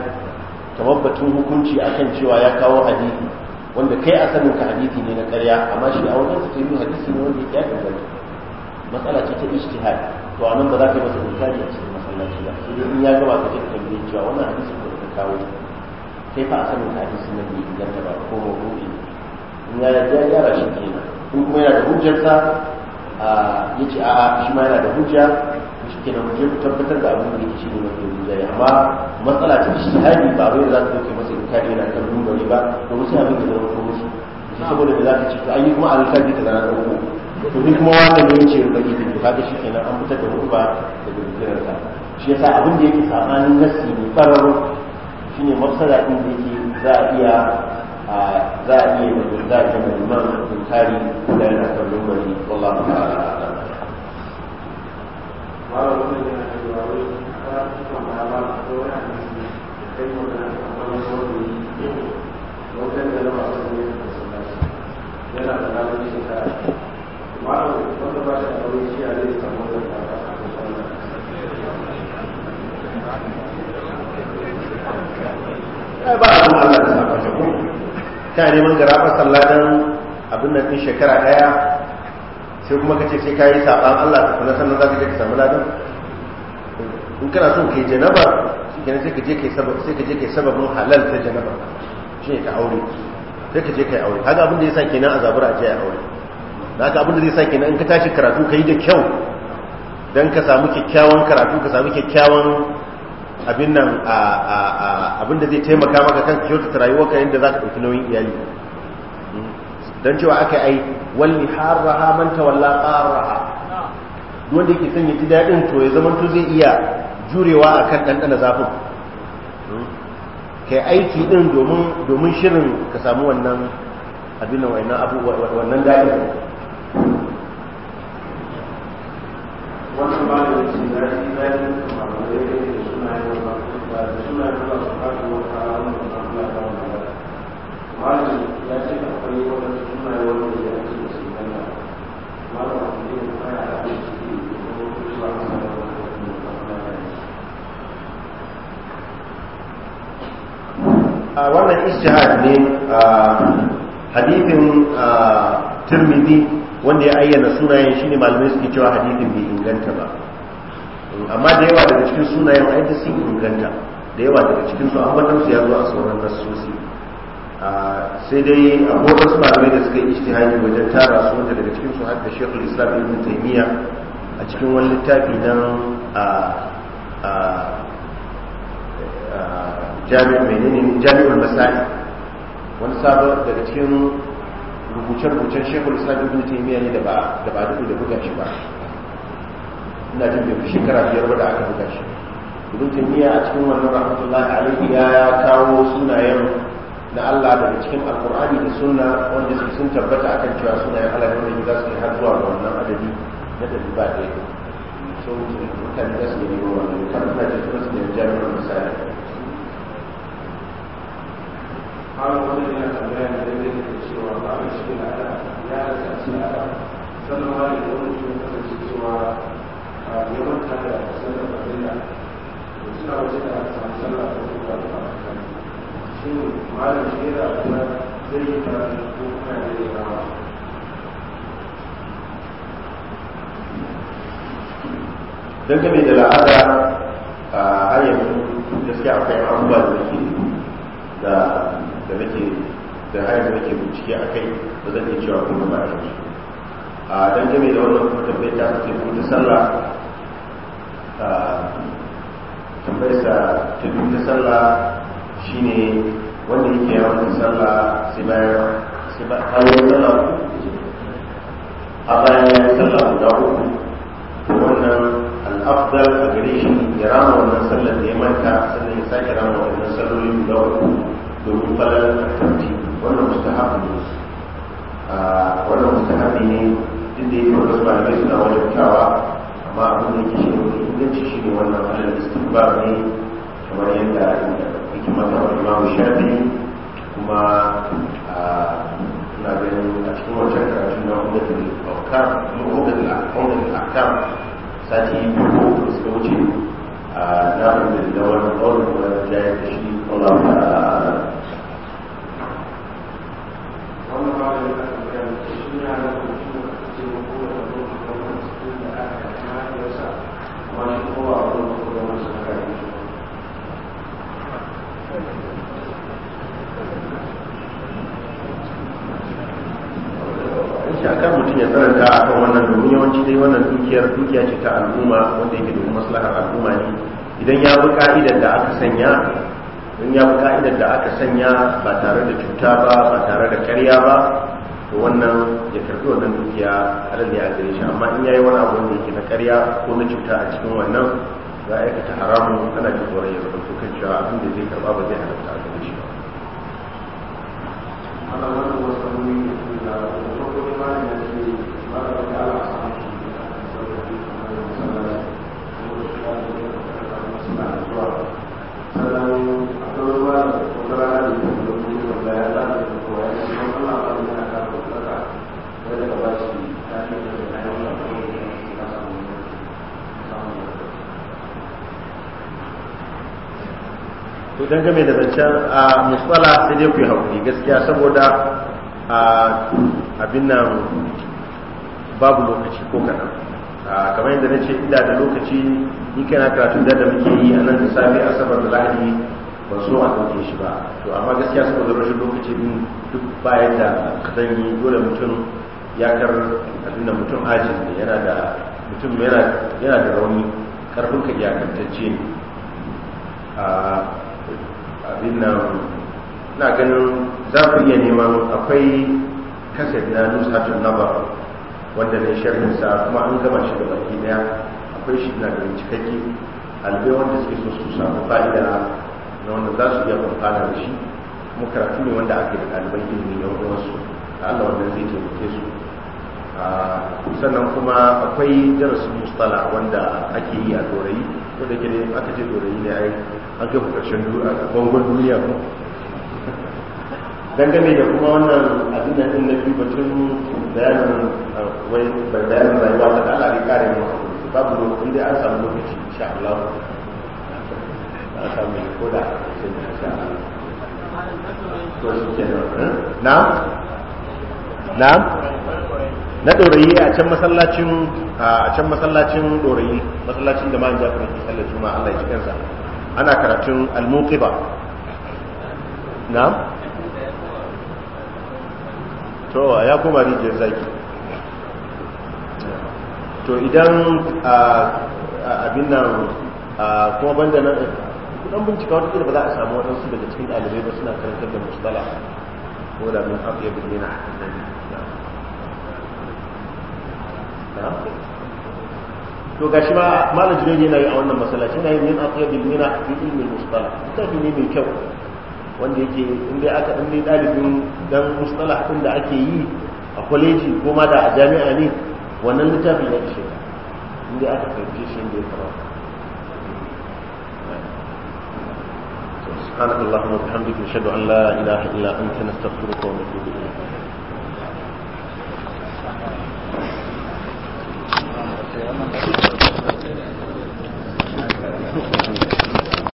kamar batun hukunci akan cewa ya kawo hadisi wanda kai a sanin ka hadisi ne na ƙarya amma shi a wajen sai yi hadisi ne wanda ya kafa zai matsala ce ta ijtihad to a nan ba za ka yi masa misali a cikin masallaci ba sai in ya gaba ka tattauna cewa wannan hadisi ko ka kawo kai fa a sanin da hadisin nan bai inganta ba ko mawdu'i in ya ya yara shi kenan in kuma yana da hujjarsa ya ce a'a shi ma yana da hujja shi kenan mu je mu tabbatar da abin da yake shi ne mafi hujja amma matsala ta hadi ba wai za ka dauke masa in kaɗe yana kan ne ba mu sai abin da zama ko musu saboda da za ka ce to an yi kuma alƙalmi ta zana ɗauko to ni kuma wannan ne yace rubai da duka da shi kenan an fitar da ruba da dukkan shi yasa abin da yake sabanin nasi ne fararo shine mafsada din da yake za a iya za a iya da za a yi liman tsari da na kan lumbari wallahu ta'ala a'lam yana da ranar shi ta wanda ba shi a shi a zai ba abin Allah da sako ta kuma ta neman gara fasar ladan abin da din shekara daya sai kuma kace sai ka yi saban Allah ta kula sannan za ka je ka samu ladan in kana son kai janaba shi kenan sai ka je kai sabab sai ka je kai sababin halal ta janaba shi ne ka aure sai ka je kai aure kaga abin da yasa kenan a zabura a je a aure da haka abin da zai sa kenan in ka tashi karatu ka yi da kyau dan ka samu kyakkyawan karatu ka samu kyakkyawan abin nan abin da zai taimaka maka kan kyautata rayuwarka yadda za ka ɗauki nauyin iyali don cewa aka ai walli harraha man tawalla qarraha wanda yake son ya ji daɗin to ya to zai iya jurewa akan ɗanɗana zafin kai aiki ɗin domin shirin ka samu wannan abin nan wannan abu wannan daɗin wannan ba da shi da shi da suna yi wannan suna ne a wannan a hadithin wanda ya ayyana sunayen shi ne malamai suke cewa hadithin bai inganta ba amma da yawa daga cikin sunayen ayyuka sun inganta da yawa daga cikin su ambatan su ya zo a sauran nassosi sai dai abokan su malamai da suka yi ijtihadi wajen tara su wanda daga cikin su hadda da Islam Ibn Taymiyyah a cikin wani littafi nan a jami'ul menene jami'ul masali wani sabon daga cikin rubuce-rubucen shekaru islam ibn taymiya ne da ba da ba da buga shi ba ina jin da shekara biyar ba da aka buga shi ibn taymiya a cikin wannan rahmatullahi alaihi ya kawo sunayen na Allah daga cikin alkur'ani da sunna wanda su sun tabbata akan cewa sunayen Allah wanda za su har zuwa ga wannan adadi da ɗari ba da ɗaya so mutane za su yi nemo wannan kan mutane su su da jami'an misali har wani yana ne da zai da cewa ba a shi na da ya da kasi na sannan ma da wani mutum ya kasance cewa a ah, yawan tare da sanar da suna waje da sallah su da shin malam shi da kuma zai yi kuma ya rawa dangane da la'ada a hanyar yanzu gaskiya akwai abubuwa da nake da da nake da hanyar da nake bincike a kai ba zan iya cewa kuma ba a a dangane da wannan kuma tabbai ta ake kuma ta sallah tambayarsa ta duk ta sallah ne wanda yake yawan sallah sai bayan sai ba kayan sallah a bayan sallah guda uku to wannan al'afdar a gare shi ya rama wannan sallar da ya manta sannan ya sake rama wannan sallolin guda uku domin falar tafi wannan haɗu ne wannan haɗu ne duk da yake wasu malamai suna wajen kyawa amma abin da ke shi ne inganci shi ne wannan alal istighfar ne kamar yadda hikimata wa imamu shafi kuma na ganin a cikin wancan karatun na hudatul afkar na hudatul afkar sati biyu da suka wuce na hudatul da wani ƙaunar da wani jayar da shi Allah ta'ala da shi ne kan mutum ya tsananta a kan wannan domin yawanci dai wannan dukiyar dukiya ce ta al'umma wanda yake domin maslahar al'umma ne idan ya bi ka'idar da aka sanya idan ya bi ka'idar da aka sanya ba tare da cuta ba ba tare da karya ba to wannan ya karbi wannan dukiya halal ya gare shi amma in yayi wani abu wanda yake na karya ko na cuta a cikin wannan za a aikata haramun ana jin tsoron ya zama to kan cewa abin da zai karba ba zai halatta a gare shi ba. Allah wannan wasu to don game da zancen a ah, musfala sai dai ku yi haƙuri gaskiya saboda a ah, abin nan babu lokaci ko kaɗan ah, kamar yadda na ce ina da lokaci ni kana karatu da muke yi a nan da safe asabar da lahadi ba so a ɗauke shi ba to amma gaskiya su saboda rashin lokaci din duk bayan da zan yi dole mutum ya kar abin da mutum ajin ne yana da mutum yana da rauni karfin ka iyakantacce ne ah, abin nan na ganin za ku iya neman akwai kasar na nusatun nabar wanda ne sa kuma an gama shi da baki daya akwai shi na da cikakke albai wanda suke so su samu fa'ida na wanda za su iya amfana da shi kuma karatu ne wanda ake da ɗaliban ilimi da wasu Allah wanda zai taimake su sannan kuma akwai darasin mustala wanda ake yi a dorayi wanda ke aka ce dorayi ne an gaba ƙarshen bangon duniya kuma dangane da kuma wannan abinda da din na biyu batun bayanin uh, wai bayanin rayuwa ta da Allah ya kare mu babu lokaci dai an samu lokaci insha Allah an samu ko da sai insha Allah to shi kenan na eh? na na ɗorayi a can masallacin a can masallacin ɗorayi masallacin da ma'an jafin ke sallar juma'a Allah ya ji kansa ana karatun al-muqiba na to ya koma rijiyar zaki to idan abin nan kuma banda nan kudan bincika wata ba za a samu waɗansu daga cikin ɗalibai ba suna karantar da mustala ko da min haɗu ya bilmina to ga shi ma malam jirage yana yi a wannan masallaci yana yin min haɗu ya a fi ilmin mustala ta ne mai kyau wanda yake inda dai aka dan dalibin dan mustalah din da ake yi a kwaleji ko ma da a jami'a ne wannan littafin ya ishe ka in aka fahimce shi inda ya kamata سبحانك اللهم وبحمدك نشهد ان لا اله الا انت نستغفرك ونتوب اليك Thank you.